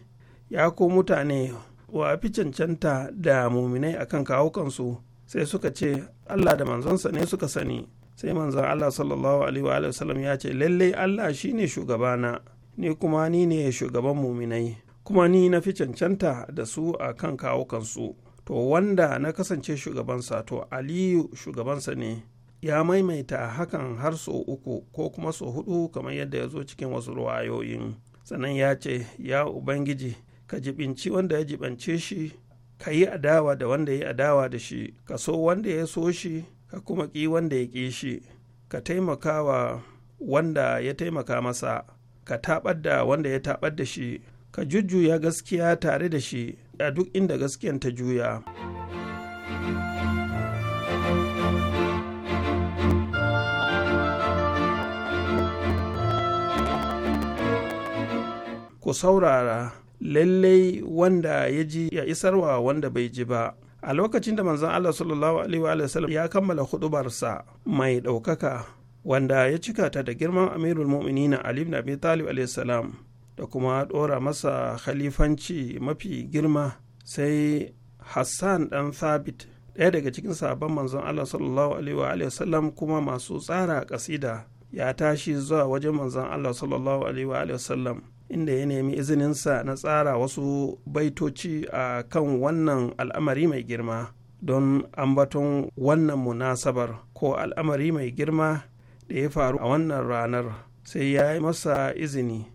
Ya ko mutane wa fi cancanta da muminai akan kawukansu sai suka ce, Allah da manzonsa ne suka sani. sai manzan allah sallallahu alaihi wa sallam ya ce lallai allah shine shugabana ni kuma ni ne shugaban muminai kuma ni na fi cancanta da su a kan kawo to wanda na kasance shugabansa to aliyu shugabansa ne ya maimaita hakan har so uku ko kuma so hudu kamar yadda ya zo cikin wasu ruwayoyin sannan ya ce ya ubangiji ka jibinci wanda ya jibance shi ka yi adawa da wanda ya adawa da shi ka so wanda ya so shi ka kuma ƙi wanda ya ƙi shi ka taimaka wa wanda ya taimaka masa ka taɓar da wanda ya taɓar da shi ka jujjuya gaskiya tare da shi a duk inda gaskiyan ta juya ku saurara lallai wanda ya ji ya isarwa wanda bai ji ba a lokacin da manzon Allah sallallahu alaihi wa ya kammala hudubarsa mai ɗaukaka wanda ya cika ta da girman amirul mu'minina Ali ibn Abi Talib alaihi da kuma ɗora masa khalifanci mafi girma sai Hassan ɗan Thabit ɗaya daga cikin sabon manzon Allah sallallahu alaihi wa kuma masu tsara ƙasida ya tashi zuwa wajen manzon Allah sallallahu alaihi wa inda ya nemi izininsa na tsara wasu baitoci a kan wannan al'amari mai girma don ambaton wannan munasabar ko al'amari mai girma da ya faru a wannan ranar sai ya yi masa izini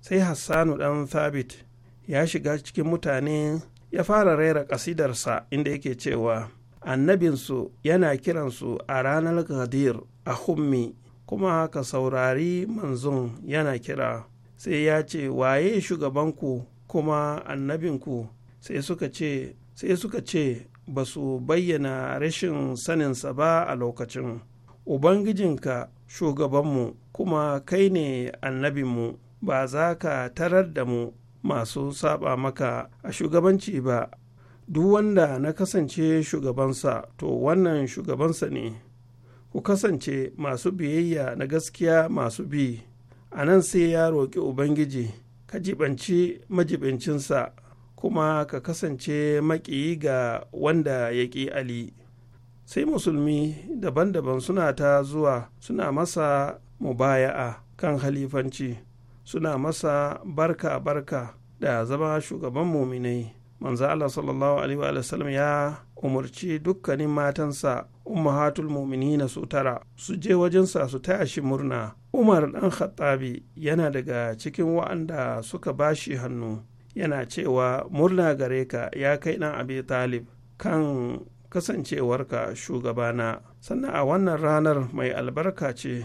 sai hassanu dan thabit ya shiga cikin mutane ya fara rera kasidarsa inda yake cewa annabinsu yana kiransu a ranar gadir a hummi kuma ka saurari manzon yana kira sai ya ce waye shugabanku kuma annabinku sai suka ce sai suka ce ba su bayyana rashin saninsa ba a lokacin ubangijinka shugabanmu kuma kai ne annabinmu ba za ka tarar da mu masu saba maka a shugabanci ba duk wanda na kasance shugabansa to wannan shugabansa ne ku kasance masu biyayya na gaskiya masu bi a nan sai ya roƙi ubangiji ka jibanci majibincinsa kuma ka kasance maƙiyi ga wanda ya ƙi ali sai musulmi daban-daban suna ta zuwa suna masa mubaya'a kan halifanci suna masa barka-barka da zama shugaban muminai manzo Allah sallallahu alaihi wa sallam ya umarci dukkanin matansa ummahatul muminina su tara su je wajensa su taya shi murna umar dan khattabi yana daga cikin wa'anda suka bashi hannu yana cewa murna gare ka ya kai dan abi talib kan kasancewarka shugabana sannan a wannan ranar mai albarka ce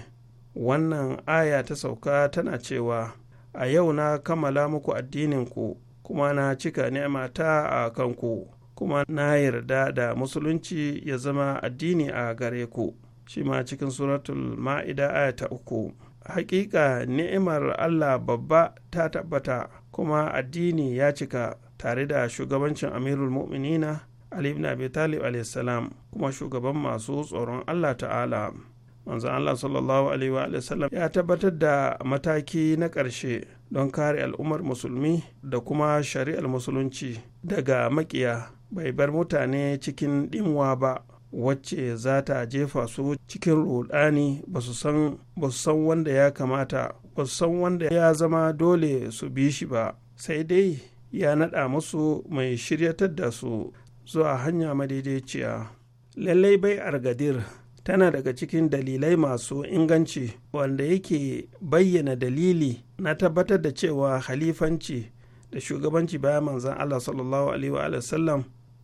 wannan aya ta sauka tana cewa a yau na kammala muku addininku kuma na cika ni'mata a kanku kuma na yarda da musulunci ya zama addini a gare ku shi ma cikin suratul ma'ida aya ta uku hakika ni'imar allah babba ta tabbata kuma addini ya cika tare da shugabancin amirul mu'minina ali ibn abi talib salam kuma shugaban masu tsoron allah ta'ala manzan allah sallallahu alaihi wa sallam ya tabbatar da mataki na ƙarshe don kare al'ummar musulmi da kuma shari'ar musulunci daga makiya bai bar mutane cikin ɗinwa ba wacce za ta jefa su cikin rudani ba su san wanda ya kamata ba su san wanda ya zama dole su bi shi ba sai dai ya naɗa musu mai shiryatar da su zuwa hanya madaidaiciya lallai bai argadir tana daga cikin dalilai masu inganci wanda yake bayyana dalili na tabbatar da cewa halifanci da shugabanci bayan manzan allah sallallahu alaihi wa sallam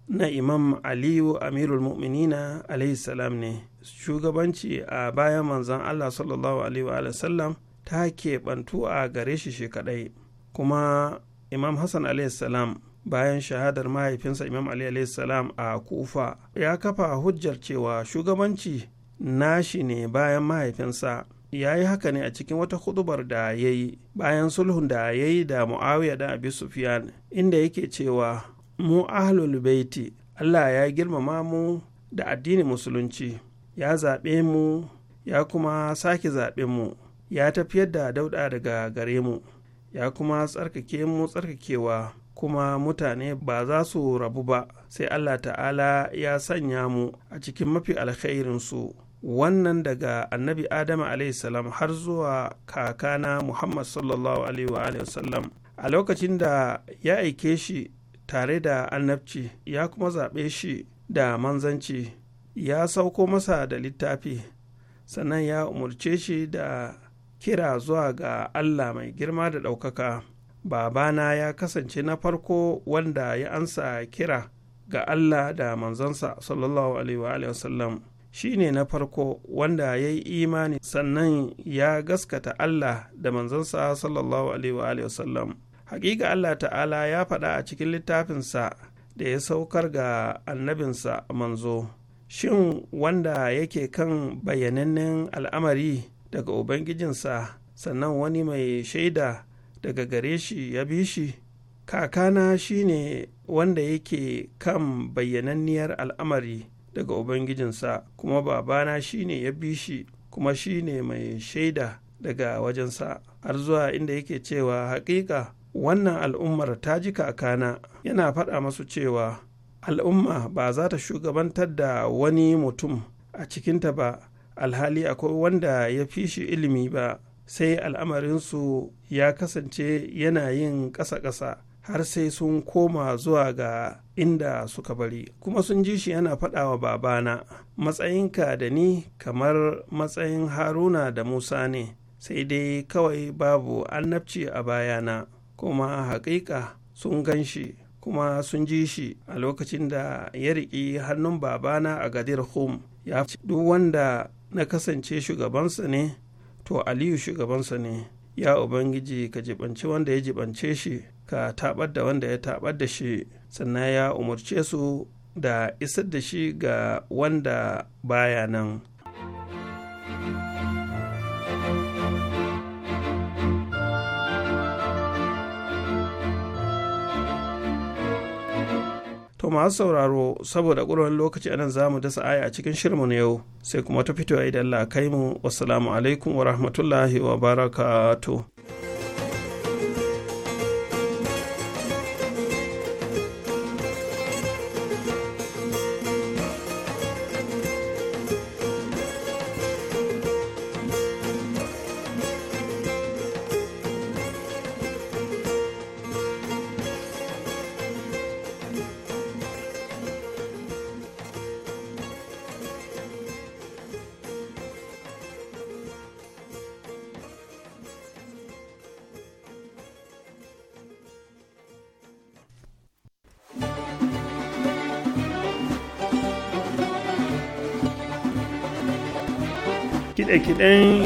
na imam aliyu amirul mu'minina alaihi salam ne shugabanci a bayan manzon allah sallallahu alaihi wa sallam ta keɓantu a gare shi shi kaɗai kuma imam hassan alaihi salam bayan shahadar mahaifinsa imam ali alaihi salam a kufa ya kafa hujjar cewa shugabanci nashi ne bayan mahaifinsa ya yi haka ne a cikin wata hudubar da ya yi bayan sulhun da ya yi da muawiya da abi sufyan inda yake cewa mu ahlul baiti allah ya girmama mu da addinin musulunci ya zaɓe mu ya kuma sake zaɓe mu ya tafiyar da dauda daga gare mu ya kuma tsarkake mu tsarkakewa kuma mutane ba za su rabu ba sai allah ta'ala ya sanya mu a cikin mafi alkhairin su wannan daga annabi adama salam har zuwa kakana muhammad sallallahu alaihi wa sallam a lokacin da ya aike shi tare da annabci ya kuma zaɓe shi da manzanci ya sauko masa da littafi sannan ya umarce shi da kira zuwa ga Allah mai girma da ɗaukaka babana ya kasance na farko wanda ya ansa kira ga Allah da manzansa sallallahu alaihi wasallam shi ne na farko wanda ya yi imani sannan ya gaskata Allah da manzansa sallallahu alaihi wasallam hakika Allah ta'ala ya faɗa a cikin littafinsa da ya saukar ga annabinsa manzo shin wanda yake kan bayanannen al'amari daga ubangijinsa sannan wani mai shaida daga gare shi ya bi shi kakana shine wanda yake kan bayyananniyar al'amari daga ubangijinsa kuma babana shine ya bi shi kuma shine mai shaida daga wajensa har zuwa inda yake cewa haƙiƙa wannan al'ummar ta ji kakana yana faɗa masu cewa al'umma ba za ta shugabantar da wani mutum a cikinta ba alhali akwai wanda ya fi shi ilimi ba sai al'amarinsu ya kasance yana yin ƙasa-ƙasa har sai sun koma zuwa ga inda suka bari kuma sun ji shi yana faɗa wa babana matsayinka da ni kamar matsayin haruna da musa ne sai dai kawai babu annabci a bayana kuma haƙiƙa sun gan shi kuma sun ji shi a lokacin da ya riƙi hannun babana a gadir home ya duk wanda na kasance shugabansa ne to aliyu shugabansa ne ya ubangiji ka jibanci wanda ya jibance shi ka tabar da wanda ya tabar da shi sannan ya umarce su da isar da shi ga wanda baya nan masu sauraro saboda ƙurwan lokaci anan za mu dasa aya a cikin shirmu na yau sai kuma ta fito idan la kai mu wasu alaikum wa rahmatullahi wa barakatuh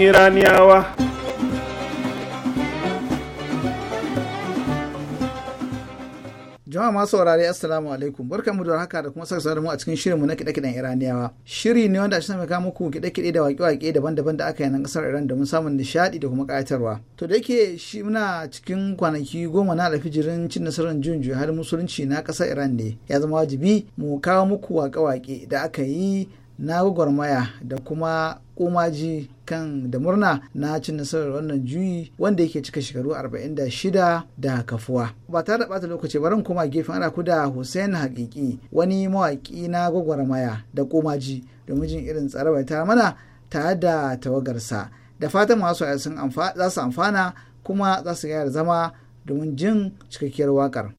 iraniyawa jama'a masu saurari assalamu alaikum barkan mu da haka da kuma saka mu a cikin shirinmu na kiɗe-kiɗen iraniyawa shiri ne wanda a cikin kawo muku kiɗe-kiɗe da waƙe-waƙe daban-daban da aka yi nan ƙasar iran domin samun nishaɗi da kuma ƙayatarwa to da yake shi muna cikin kwanaki goma na alfijirin cin nasarar juyin har musulunci na ƙasar iran ne ya zama wajibi mu kawo muku waƙe-waƙe da aka yi na gwagwarmaya da kuma komaji kan da murna na cin nasarar wannan juyi wanda yake cika shekaru 46 da kafuwa ba tare da bata lokaci barin kuma gefen ana kuda hussein hakiki wani mawaƙi na gwagwarmaya da komaji domin jin irin tsarabar ta mana tare da tawagarsa da fatan masu za su amfana kuma za su gyara zama domin jin cikakkiyar waƙar.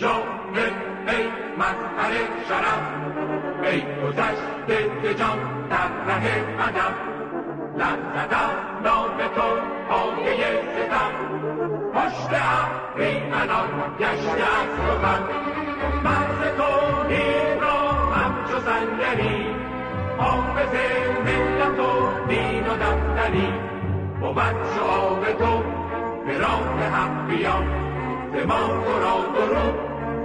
جامعه ای مظهر شرف ای گذشته که جان در ره ادب لب زدم نام تو پایه ستم پشت اهریمنان گشته از سخن مرز تو توحید را همچو صندلی حافظ ملت و دین و دفتری بود شعار تو به راه حق بیان زمان و را درو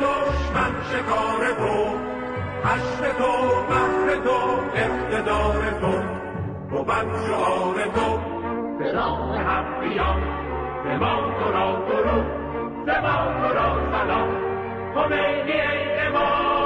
دشمن شکار تو حشر تو بحر تو اقتدار تو و شعار تو به راه حق بیان زمان تو را درود زمان تو را سلام خمینی ای امام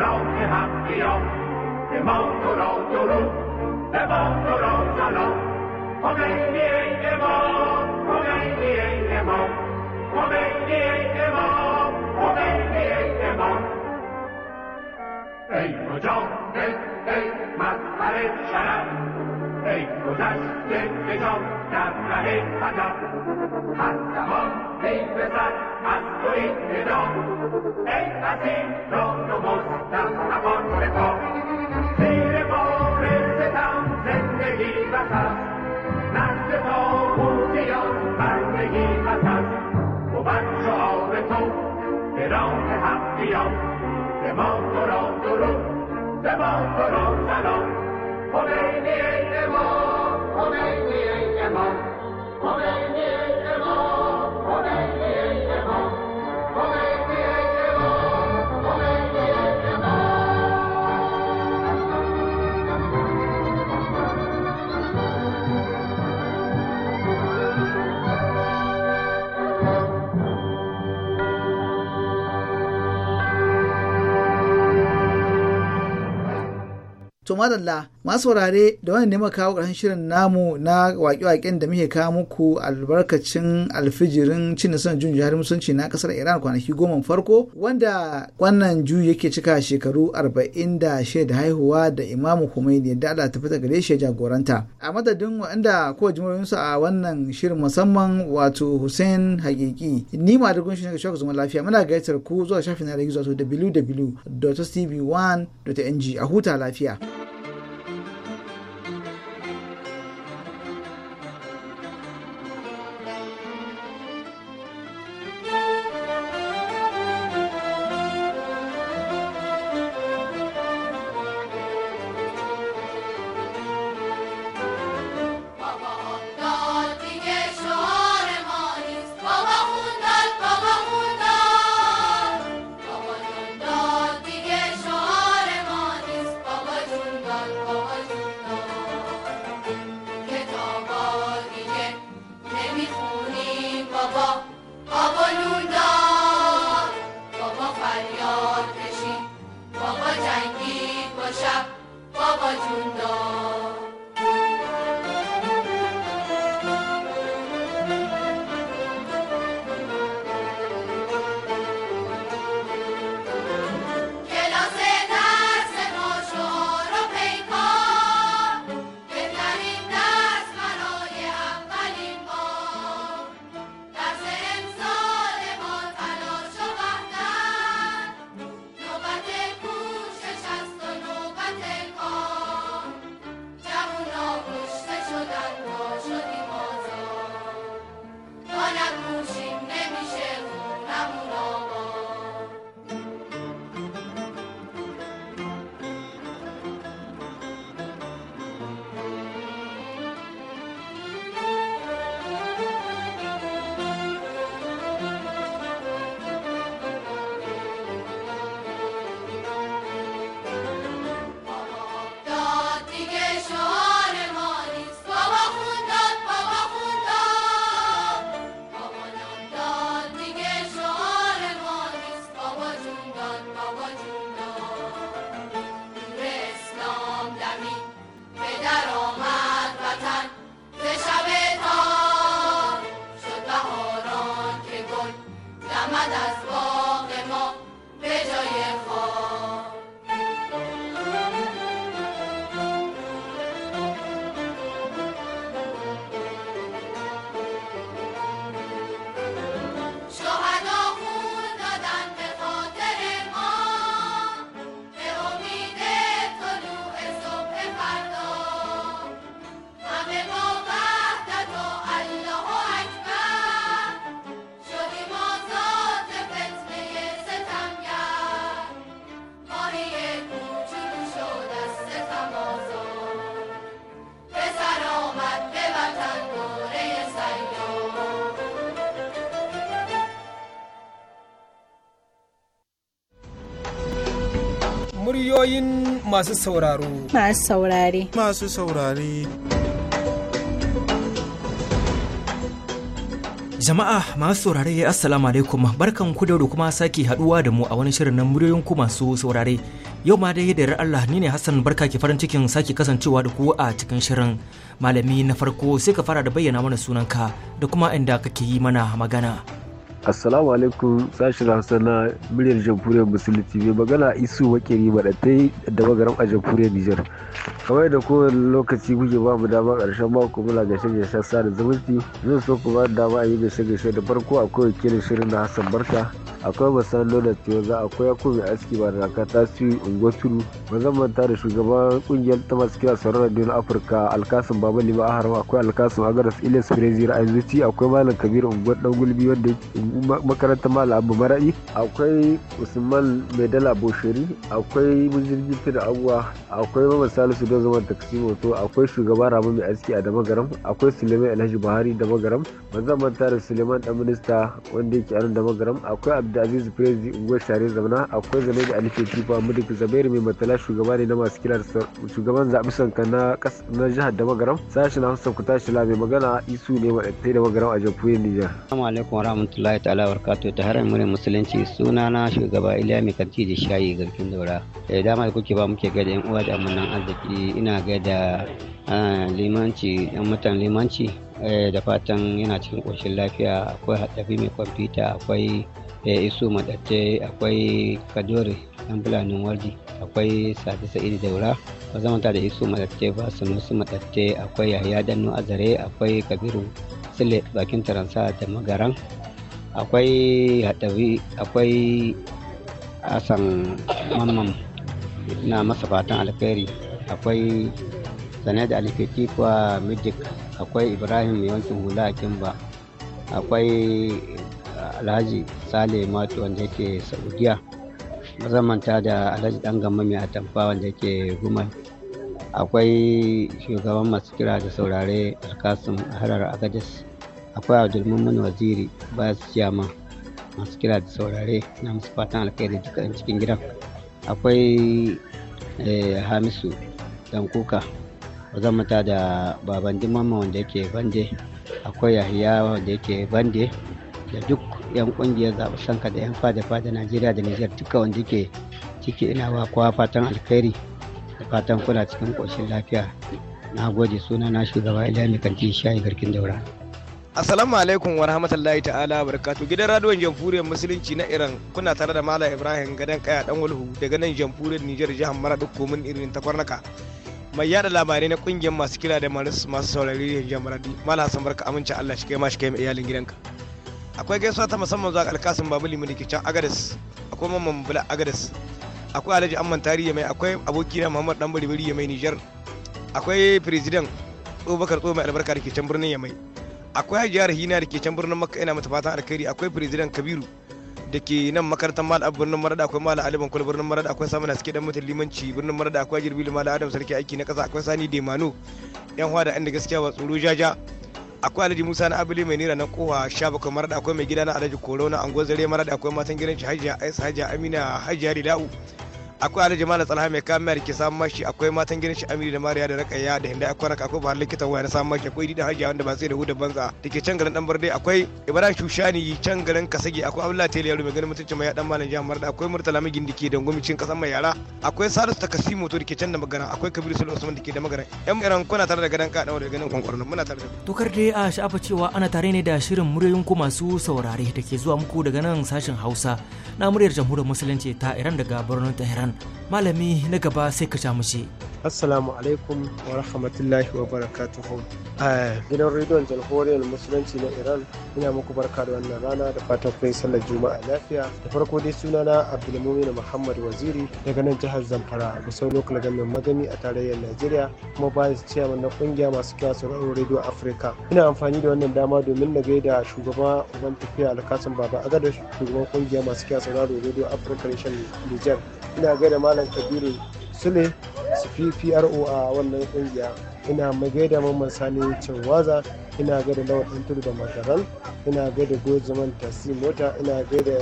راه حق بیا به ما تو را درود به ما تو را سلام خمینی ای امام خمینی ای امام خمینی ای امام خمینی ای امام ای مجاهد ای مظهر شرف ای گذشته به جان در ره هر زمان ای پسر از تو این ندا ای عظیم جان و مستم نبان بپا زیر بار ستم زندگی بس نزد تا بودیان بندگی بس و بر شعار تو به راه حق بیام زمان تو را درود زمان تو را سلام خمینی ای امام خمینی ای امام خمینی ای 做的了啦。masu saurare da wani nema kawo ƙarshen shirin namu na waƙe-waƙen da muke kawo muku albarkacin alfijirin cin nasarar jun jihar musulunci na ƙasar iran kwanaki goma farko wanda wannan ju yake cika shekaru arba'in da shaida haihuwa da imamu khomeini yadda allah tafi daga gare shi jagoranta a madadin waɗanda ko su a wannan shirin musamman wato hussein hakiki ni ma da gunshi na shaka zuma lafiya muna gaitar ku zuwa shafin na da gizo www.tv1.ng a huta lafiya. masu sauraro. Masu saurare. Masu saurare. Jama'a masu saurare Assalamu alaikum barkan ku da kuma sake haduwa da mu a wani shirin na muryoyin ku masu saurare. Yau ma dai da Allah ni ne Hassan barka ke farin cikin sake kasancewa da ku a cikin shirin. Malami na farko sai ka fara da bayyana mana sunanka da kuma inda kake yi mana magana. Assalamu alaikum sashen Hausa na muryar jamhuriyar Musulunci mai magana isu makeri maɗatai da magaram a jamhuriyar Nijar. Kamar da kowane lokaci kuke ba mu dama ƙarshen mako muna gashe gashen sada zumunci zan so ku ba dama a yi gashe gashe da farko akwai wakilin shirin na Hassan Barka akwai basar lola tiyoza akwai yakubu mai aski ba da ka su unguwar tudu ba manta da shugaban kungiyar ta masu kira sauran radiyon afirka alkasim baba lima harawa akwai alkasim agaras ilis a yanzu zuci akwai malam kabiru unguwar dan gulbi wanda makaranta malam abu mara'i akwai usman mai dala boshori akwai mujirgi fida abuwa akwai mama salisu don zaman taksi moto akwai shugaban rabu mai aski a damagaram akwai suleiman alhaji buhari damagaram ba manta da suleiman dan minista wanda yake dama damagaram akwai abdulaziz prezi unguwar share zamana akwai zane da alife tifa mudik zabair mai matala shugaba ne na masu kira shugaban zaɓi sanka na jihar da magaram sashen hausa ku tashi la mai magana isu ne ɗaya da magaram a jamhuriyar nijar. assalamu alaikum wa rahmatullahi ta'ala wa barakatu ta harin murin musulunci suna na shugaba iliya mai kanti da shayi garkin daura da eh, dama da kuke ba muke gaida yan uwa da amanan arziki ina gaida limanci yan mutan limanci eh, da fatan yana cikin ƙoshin lafiya akwai haɗafi mai kwamfuta akwai Eh, isu madatte akwai kadore ɗan fulanin wardi akwai sadi sa'idu daura ba ta da isu madatte ba sanusi madatte akwai yahaya Danu azare akwai kabiru sile bakin taransa da magaran akwai haɗari akwai asan mamman na masa fatan alkhairi akwai sanar da alifiti kuwa midik akwai ibrahim yawancin hula a kimba akwai alhaji sale matu wanda yake saudiya mazamanta da alhaji dan gama mai atamfa wanda yake gumai akwai shugaban masu kira da saurare alkasim harar agadis akwai abdulmumin waziri baya jama masu kira da saurare na musu fatan alkhairi duka cikin gidan akwai eh, hamisu dan kuka mazamanta da baban dimama wanda yake bande akwai yahiya wanda yake bande da duk yan kungiyar zaɓe sanka da yan fada fada najeriya da nijar duka wanda ke ciki ina wa kowa fatan alkhairi da fatan kuna cikin ƙoshin lafiya na gode suna na shugaba mai kanti shayi garkin daura Assalamu alaikum wa rahmatullahi ta'ala barakatu gidan radiyon jamhuriyar musulunci na Iran kuna tare da Malam Ibrahim gadan kaya dan walhu daga nan jamhuriyar Nijar jihar duk komin irin ta kwarnaka mai yada labarai na kungiyar masu kira da masu saurari da jamhuriyar Maradi Malam Hassan barka amince Allah shi kai ma shi kai iyalin gidanka akwai gaisuwa ta musamman zuwa alkasin babu limu ke can agadas akwai mamman bula agadas akwai alhaji amman tarihi mai akwai abokina muhammad dan ya mai nijar akwai president tsobakar tso mai albarka da ke can birnin yamai akwai hajiyar hina da ke can birnin makka ina mata fatan alkhairi akwai president kabiru da ke nan makarantar mala birnin marada akwai mala aliban kul birnin marada akwai samuna suke dan mutan limanci birnin marada akwai jirbi mala adam sarki aiki na kasa akwai sani demano yan hwa da da gaskiya ba tsoro jaja akwai alhaji musa na abili mai nira na kowa sha bakwai mara akwai mai gida na alhaji korona na gwazare zare da akwai matan gidan shi hajiya ais hajiya amina hajiya ridau akwai alhaji malam tsalha mai mai rike samun mashi akwai matan gidan shi amiri da mariya da rakaya da hinda akwai raka akwai bahar likitan waya na samun mashi akwai didan hajiya wanda ba zai da hudu banza da ke can garin dan barde akwai ibrahim shushani can garin kasage akwai abdullahi tele yaro mai ganin mutuncin mai dan malam jihar marda akwai murtala mai gindi ke da gwamnatin kasan mai yara akwai salisu takasimu moto da ke can da magana akwai kabiru sulu usman da ke da magana yan iran kuna tare da gadan kaɗa da ganin kwankwarnan muna tare da to kar dai a sha'afa cewa ana tare ne da shirin muryoyin ku masu saurare da ke zuwa muku daga nan sashen hausa na muryar jamhuriyar musulunci ta iran daga birnin tehran malami na gaba sai ka sha mu assalamu alaikum wa rahmatullahi wa barakatuhu a ah. eh, gidan rediyon jamhuriyar musulunci na iran ina muku barka da wannan rana da fatan kai sallar juma'a lafiya da farko dai sunana abdulmumin muhammad waziri daga nan jihar zamfara a gusau lokal gamin magani a tarayyar najeriya kuma bayan ciyaman na kungiya masu kira sauraron rediyo afirka ina amfani da wannan dama domin na gaida shugaba uban tafiya alkasan baba agadar shugaban kungiya masu kira sauraron rediyo afirka nation nijar ina gaida malam kabiru sule su fi pro a wannan kungiya ina gaida da mamman sani cinwaza ina gaida lawan ɗan tudu da makaran ina gaida gojiman tasi mota ina gaida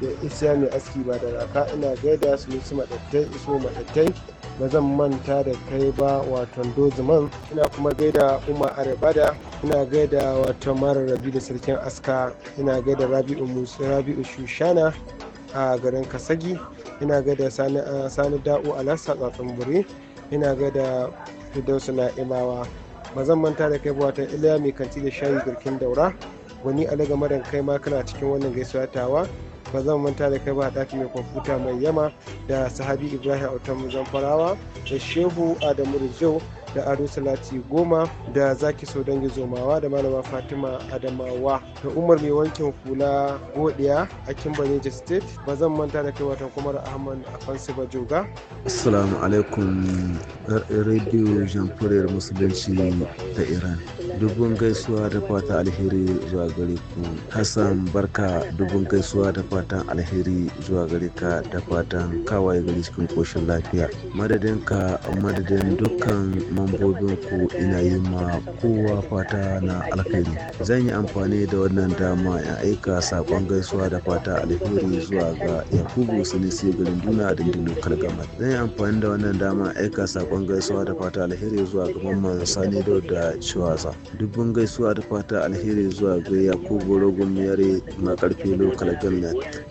da isya mai aski ba da raka ina gaida su yi su maɗattai iso maɗattai ba zan manta da kai ba waton dozuman ina kuma gaida umar arbada ina gaida wato mara rabi da sarkin aska ina gaida rabi'u shushana a garin kasagi ina gaida sani da'u alassa tsatsin buri ina gaida fidausu na imawa ba zan manta da kai buwatan iliya mai kanti da shayi girkin daura wani alaga maran kai ma kana cikin wannan gaisuwa tawa ba zan manta da kai ba a ɗaki mai kwamfuta mai yama da sahabi ibrahim autan zamfarawa da shehu adamu rijau da ado salati goma da zaki so dangi zomawa da malama fatima adamawa da umar mai wankin hula godiya a kimbaneja state ba zan manta da kai watan kuma da ahmad afansu joga assalamu alaikum radio jamhuriyar musulunci da iran dubun gaisuwa da fata alheri zuwa gare ku hassan barka dubun gaisuwa da fatan alheri zuwa gare ka da fatan kawai gari cikin koshin lafiya madadin ka madadin dukkan mambobin ku ina yi ma kowa fata na alkhairi zan yi amfani da wannan dama ya aika sakon gaisuwa da fata alheri zuwa ga yakubu sinisi duna da dindindin kalgama zan yi amfani da wannan dama aika sakon gaisuwa da fata alheri zuwa ga mamman sani da shiwasa dubban gaisuwa da fata alheri zuwa ga yakubu rogon yare karfe lokal gwamnati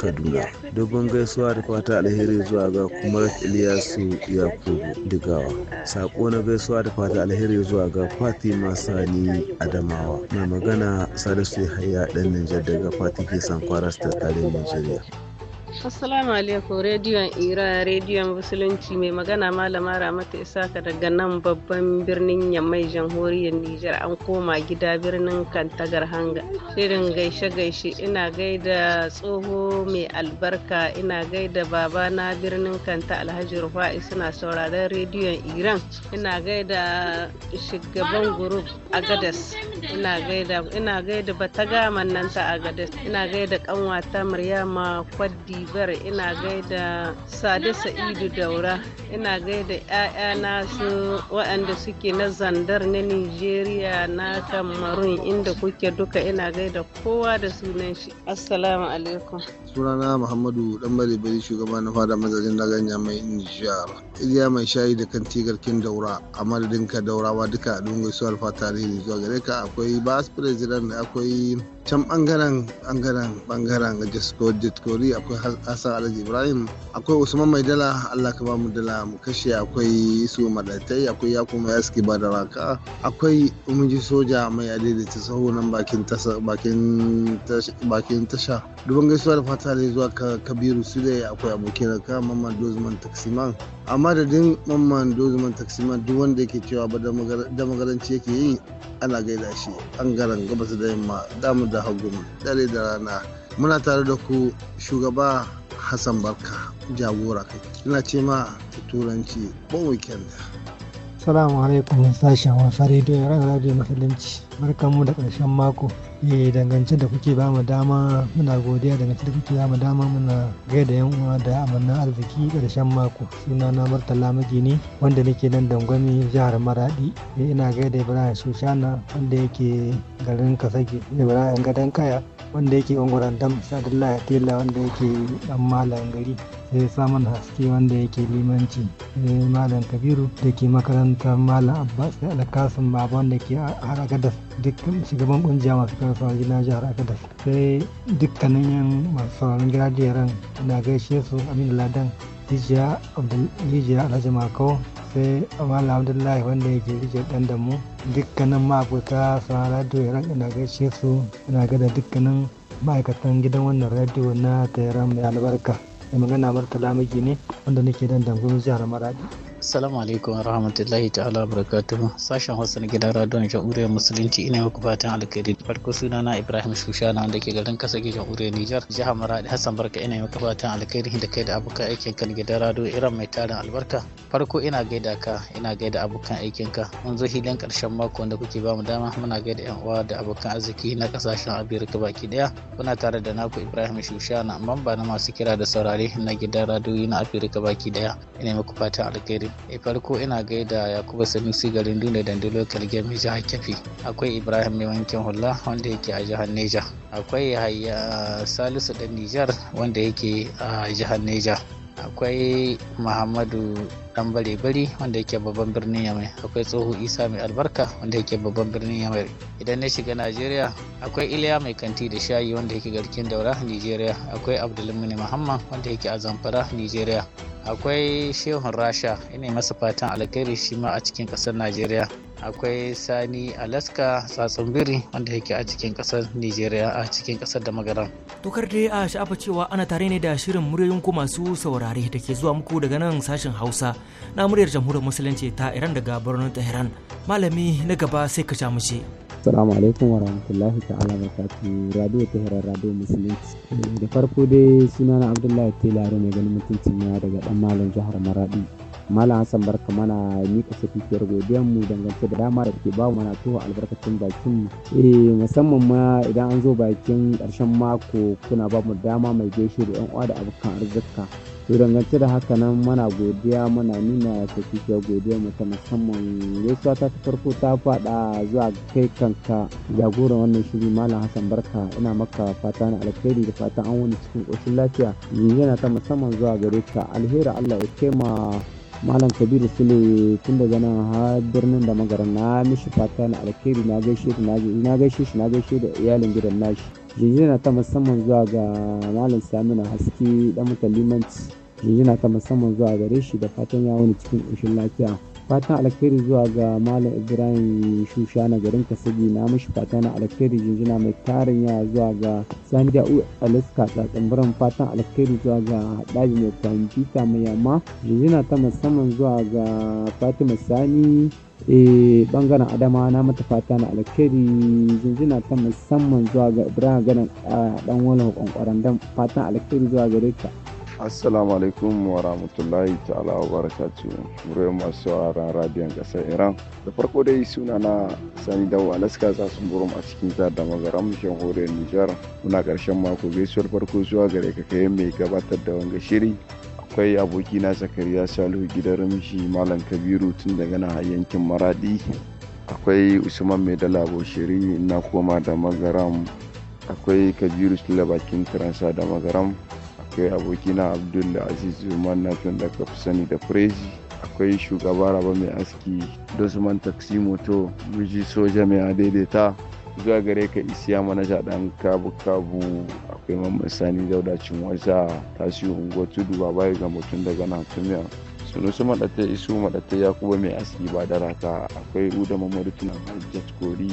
kaduna dubban gaisuwa da fata alheri zuwa ga kumar iliyasu yakubu digawa sakon na gaisuwa da fata alheri zuwa ga fatima sani adamawa na magana salisu haya dan nijar daga fati ke sankwara ta tare nigeria Assalamu alaikum rediyon Ira rediyon Musulunci mai magana malama Ramata Isaka daga nan babban birnin Yammai jamhuriyar Nijar an koma gida birnin Kantagar Hanga. Shirin gaishe-gaishe ina gaida tsoho mai albarka ina gaida baba na birnin Kanta Alhaji Rufai suna sauraron rediyon Iran. Ina gaida shugaban group Agadas. Ina gaida ina gaida gama nan ta Agadas. Ina gaida kanwata Maryama Kwaddi Nijar ina gaida Sade Sa'idu Daura ina gaida 'ya'yana su waɗanda suke na zandar na Nijeriya na Kamarun inda kuke duka ina gaida kowa da sunan shi. Assalamu alaikum. Sunana Muhammadu Dan Bari shugaba na fada mazajin ganya mai Nijar. Iliya mai shayi da kan kin Daura a madadin ka Daurawa duka a dungun su alfa tarihi zuwa gare ka akwai Bas President akwai can bangaren bangaren bangaren jiskori akwai hassan alhaji ibrahim akwai usman mai dala allah ka bamu dala mu kashe akwai su madatai akwai Yakubu mai aski ba da raka akwai umiji soja mai adaidaita saho nan bakin tasha bakin tasha duban gaisuwa da fata ne zuwa ka kabiru su dai akwai abokin raka mamman dozman taksiman da din mamman dozman taksiman duk wanda yake cewa ba da magaranci yake yi ana gaida shi an garan gabas da yamma damu da da hagu dare da rana muna tare da ku shugaba hassan barka jagora kai ina ce ma turanci bon weekend salamu alaikum sashen wasa rediyo radio musulunci barkan mu da ƙarshen mako e dangance da kuke bamu dama muna godiya dangance da kuke bamu dama muna gaida yan uwa da amannan arziki ƙarshen mako suna na martala magini wanda nake nan dangwami jihar maradi eh, ina gaida ibrahim shushana wanda yake garin kasage ibrahim gadon kaya wanda yake unguran dam shadullahi tela wanda yake dan malam gari sai eh, samun haske wanda yake limanci sai eh, malam kabiru da ke makaranta malam abbas sai alkasin baba wanda ke har agadas dukkan shugaban kungiya masu kan sauran gina jihar agadas sai dukkanin yan masu sauran gidajen na gaishe su aminu ladan rijiya rijiya alhaji makau sai amma abdullahi wanda yake rijiya dan da mu dukkanin ma'abuta sauran radio iran ina gaishe su ina gada dukkanin ma'aikatan gidan wannan radio na tayaran mai albarka mai magana martala magi ne wanda nake dan dangun jihar maradi Assalamu alaikum wa rahmatullahi ta'ala barakatuhu. Sashen Hausa na gidan radon jamhuriyar Musulunci ina muku fatan alkhairi. Farko suna na Ibrahim Shushana wanda ke garin kasa ke jamhuriyar Nijar. Jiha Maradi Hassan Barka ina muku fatan alkhairi da kai da abokan aikin kan gidan rado irin mai tarin albarka. Farko ina gaida ka ina gaida abokan aikin ka. Mun zo hilin karshen mako wanda kuke bamu dama muna gaida yan uwa da abokan arziki na kasashen Afirka baki daya. Kuna tare da naku Ibrahim Shushana mamba na masu kira da saurare na gidan rado na Afirka baki daya. Ina muku fatan alkhairi. e farko ina gaida yakubu sanusi garin dune dande local game jihar kefi akwai ibrahim mai wankin hula wanda yake a jihar neja akwai yahaya salisu dan nijar wanda yake a jihar neja akwai muhammadu dan bare-bari wanda yake babban birnin yamai akwai tsoho isa mai albarka wanda yake babban birnin yamai idan na shiga najeriya akwai iliya mai kanti da shayi wanda yake garkin daura nigeria akwai abdulmuni muhammad wanda yake a zamfara nigeria akwai shehun rasha ina masa fatan alkhairi shi ma a cikin kasar najeriya akwai sani alaska biri wanda yake a cikin kasar nigeria a cikin kasar da magana tokar dai a sha'afa cewa ana tare ne da shirin muryoyin ku masu saurare da ke zuwa muku daga nan sashen hausa na muryar jamhuriyar musulunci ta iran daga birnin tehran malami na gaba sai ka sha mace Assalamu alaikum wa rahmatullahi ta'ala wa radio hirar radio musulunci eh, da farko dai sunana abdullahi tela mai ganin mutuncin na daga dan malam jihar maradi malam hassan barka mana mika safifiyar godiyar mu dangance da dama da ke ba mana tuhu albarkacin bakin mu eh musamman ma idan an zo bakin karshen mako kuna ba mu dama mai gaishe da yan uwa da abokan arzika to dangance da haka nan mana godiya mana nuna safifiyar godiyar mu ta musamman gaisuwa ta ta farko ta fada. zuwa kai kanka jagoran wannan shiri malam hassan barka ina maka fata na alkhairi da fata an wani cikin ƙoshin lafiya yana ta musamman zuwa gare ka alheri allah ya kai malam kabiru sule tun daga nan har birnin da magaran na mishi fata na alkhairi na gaishe na gaishe shi na gaishe da iyalin gidan nashi jinjina ta musamman zuwa ga malam samina haske dan mutalimanci jinjina ta musamman zuwa gare shi da fatan ya wani cikin ƙoshin lafiya fatan alkhairi zuwa ga malam ibrahim shusha na garin kasabi na mashi fata na alkhairi jinjina mai tarin yawa zuwa ga sani da'u alaska tsatsambaran fatan alkhairi zuwa ga haɗari mai kwamfuta mai yamma jinjina ta musamman zuwa ga fatima sani e eh, bangaren adama na mata fata na alkhairi jinjina ta musamman zuwa ga ibrahim ganin dan wani kwankwaran fatan alkhairi zuwa gare ka assalamu alaikum wa rahmatullahi ta'ala wa barakatu wurin masu wararen radiyon kasar iran da farko dai suna na sani dawo alaska za su burum a cikin da magaram jamhuriyar nijar muna karshen mako gaisuwar farko zuwa gare ka kai mai gabatar da wanga shiri akwai abokina zakariya salihu gidan rumshi malam kabiru tun daga na yankin maradi akwai usman mai dala boshiri na koma da magaram akwai kabiru sula bakin da magaram akwai abokina abdul aziz manatan da ka sani da prezi akwai shugaba raba mai aski dosman taxi moto miji soja mai adaidaita zuwa gare ka isiya manaja dan kabu kabu akwai mamman sani daudacin wasa tasiri unguwa tudu bayi ga mutum daga nan tumiya sunu su maɗata isu maɗata ya kuma mai aski ba da raka akwai uda mamadu tunan hajjat kori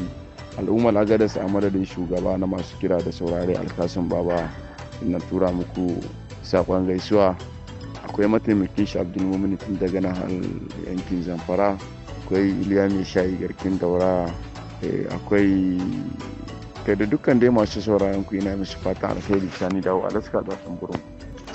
al'ummar agadas a madadin shugaba na masu kira da saurari alkasin baba na tura muku saƙon gaisuwa akwai mataimakin shi mummuni tun daga nan yankin zamfara akwai iliya mai shayi garkin daura eh, akwai kai da dukkan dai masu sauraron ku ina musu fatan alfahari sani dawo alaska da burin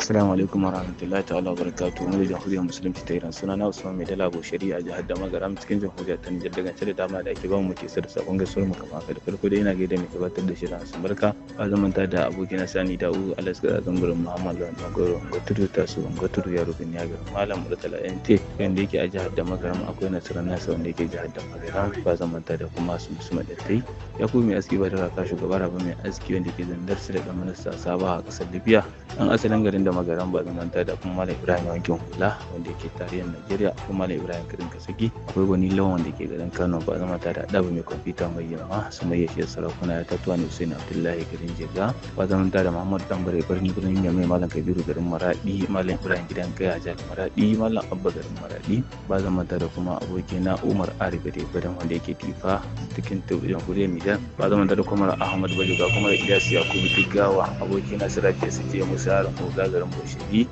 Assalamu alaikum warahmatullahi ta'ala barakatu mu jan jamhuriyar musulunci ta Iran suna na Usman Mai Dala Boshari a jihar Damagaram cikin jamhuriyar ta Nijar daga da dama da ake ba mu ke da sakon gaisuwar mu kamar haka da farko dai ina gaida mai gabatar da shirin Hassan Barka zaman ta da abokina Sani da Da'u Alaska Zamburin Muhammad Lawan Magoro Ngoturu Tasu Ngoturu Yaro ya Yaga Malam Murtala NT wanda yake a jihar Damagaram akwai Nasarar Nasa wanda yake jihar Damagaram ba zaman ta da kuma su musu madattai ya kuma mai aski ba da raka shugaba Rabi mai aski wanda ke zandar su da ɗan minista sabawa a ƙasar Libya asalin garin da magaran ba manta da kuma malam ibrahim wankin hula wanda yake tarihin najeriya kuma malam ibrahim kirin kasagi akwai gani lawan wanda ke garin kano ba zama tare da mai kwamfuta mai yamma su mai yashe sarakuna ya tatuwa ne hussein abdullahi garin jirga ba zama tare da muhammadu tambare birnin birnin yamai malam kabiru garin maradi malam ibrahim gidan kaya jihar maradi malam abba garin maradi ba zama tare da kuma abokina umar ari gare garin wanda yake tifa cikin jamhuriyar nijar ba zama tare da kuma ahmad bajuga kuma ilyas yakubu digawa abokina siraje su je musa yaron ko gagarin garin bosheri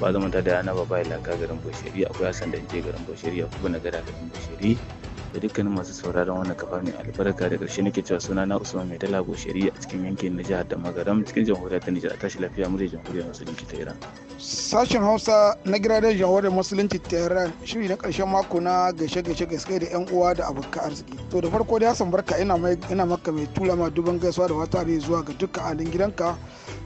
ba zama ta da na baba ilaka garin bosheri akwai hassan da ke garin bosheri akwai na gada garin bosheri da dukkanin masu sauraron wannan kafa mai albarka da ƙarshe nake cewa suna na Usman Mai Dala shari'a a cikin yankin na jihar Damagaram cikin jamhuriyar ta Nijar a tashi lafiya mu da jamhuriyar musulunci ta Iran. Sashen Hausa na gidajen jamhuriyar musulunci ta Iran shiri na karshen mako na gaishe-gaishe gaske da 'yan uwa da abokan arziki. To da farko dai yasan Barka ina mai ina maka mai tula ma duban gaisuwa da wata ne zuwa ga dukkan alin gidanka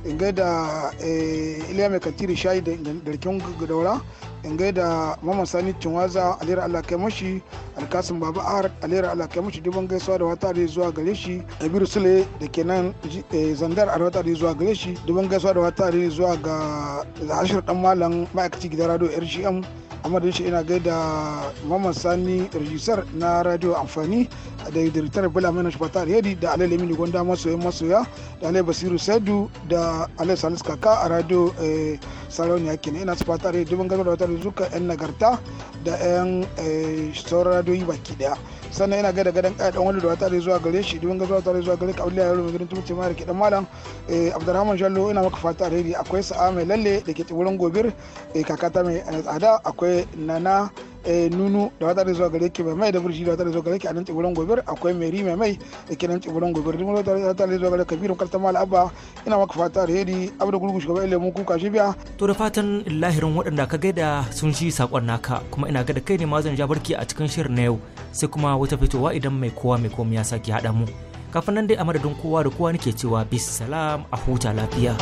in da eh, Iliya Mai katiri Shayi da rikin gudaura. in gaida mamman sani cinwaza alera allah kai mashi alkasin baba ahar alera allah kai mashi dubban gaisuwa da wata da zuwa gare shi abiru sule da ke nan eh, zandar a wata da zuwa gare shi dubban gaisuwa da wata da zuwa ga zahashir dan malam ma'aikaci gidan rado rgm amadu shi ina gaida mamman sani rijisar na radio amfani da diritar bala mai fata alheri da alai lamini gwanda masoya masoya da alai basiru saidu da alai salis kaka a radio eh, ya kenan ina su fata alheri dubin gaba da wata zuka yan nagarta da yan eh, sauran yi baki daya sannan yana gada gadan kaya dan wani da tare zuwa gare shi ga zuwa tare zuwa gare ka auliya yaro mai gidan tumce ma da ke dan malam eh, abdurrahman jallo ina maka fata alheri akwai sa'a mai lalle da ke wurin gobir eh, kakata mai tsada akwai nana Eh, nunu da wata da zuwa gare ki mai da burshi da wata da zuwa gare ki a nan tsibirin gobir akwai meri mai mai da ke nan tsibirin gobir da wata da zuwa gare kabiru karta mal abba ina maka fata abu da gurgu shugaba ilmu kuka shi biya to da fatan lahirin waɗanda ka gaida sun ji sakon naka kuma ina ga da kai ne ma zan ja barki a cikin shirin na yau sai kuma wata fitowa idan mai kowa mai komai ya saki haɗa mu kafin nan dai a madadin kowa da kowa nake cewa bis salam a huta lafiya.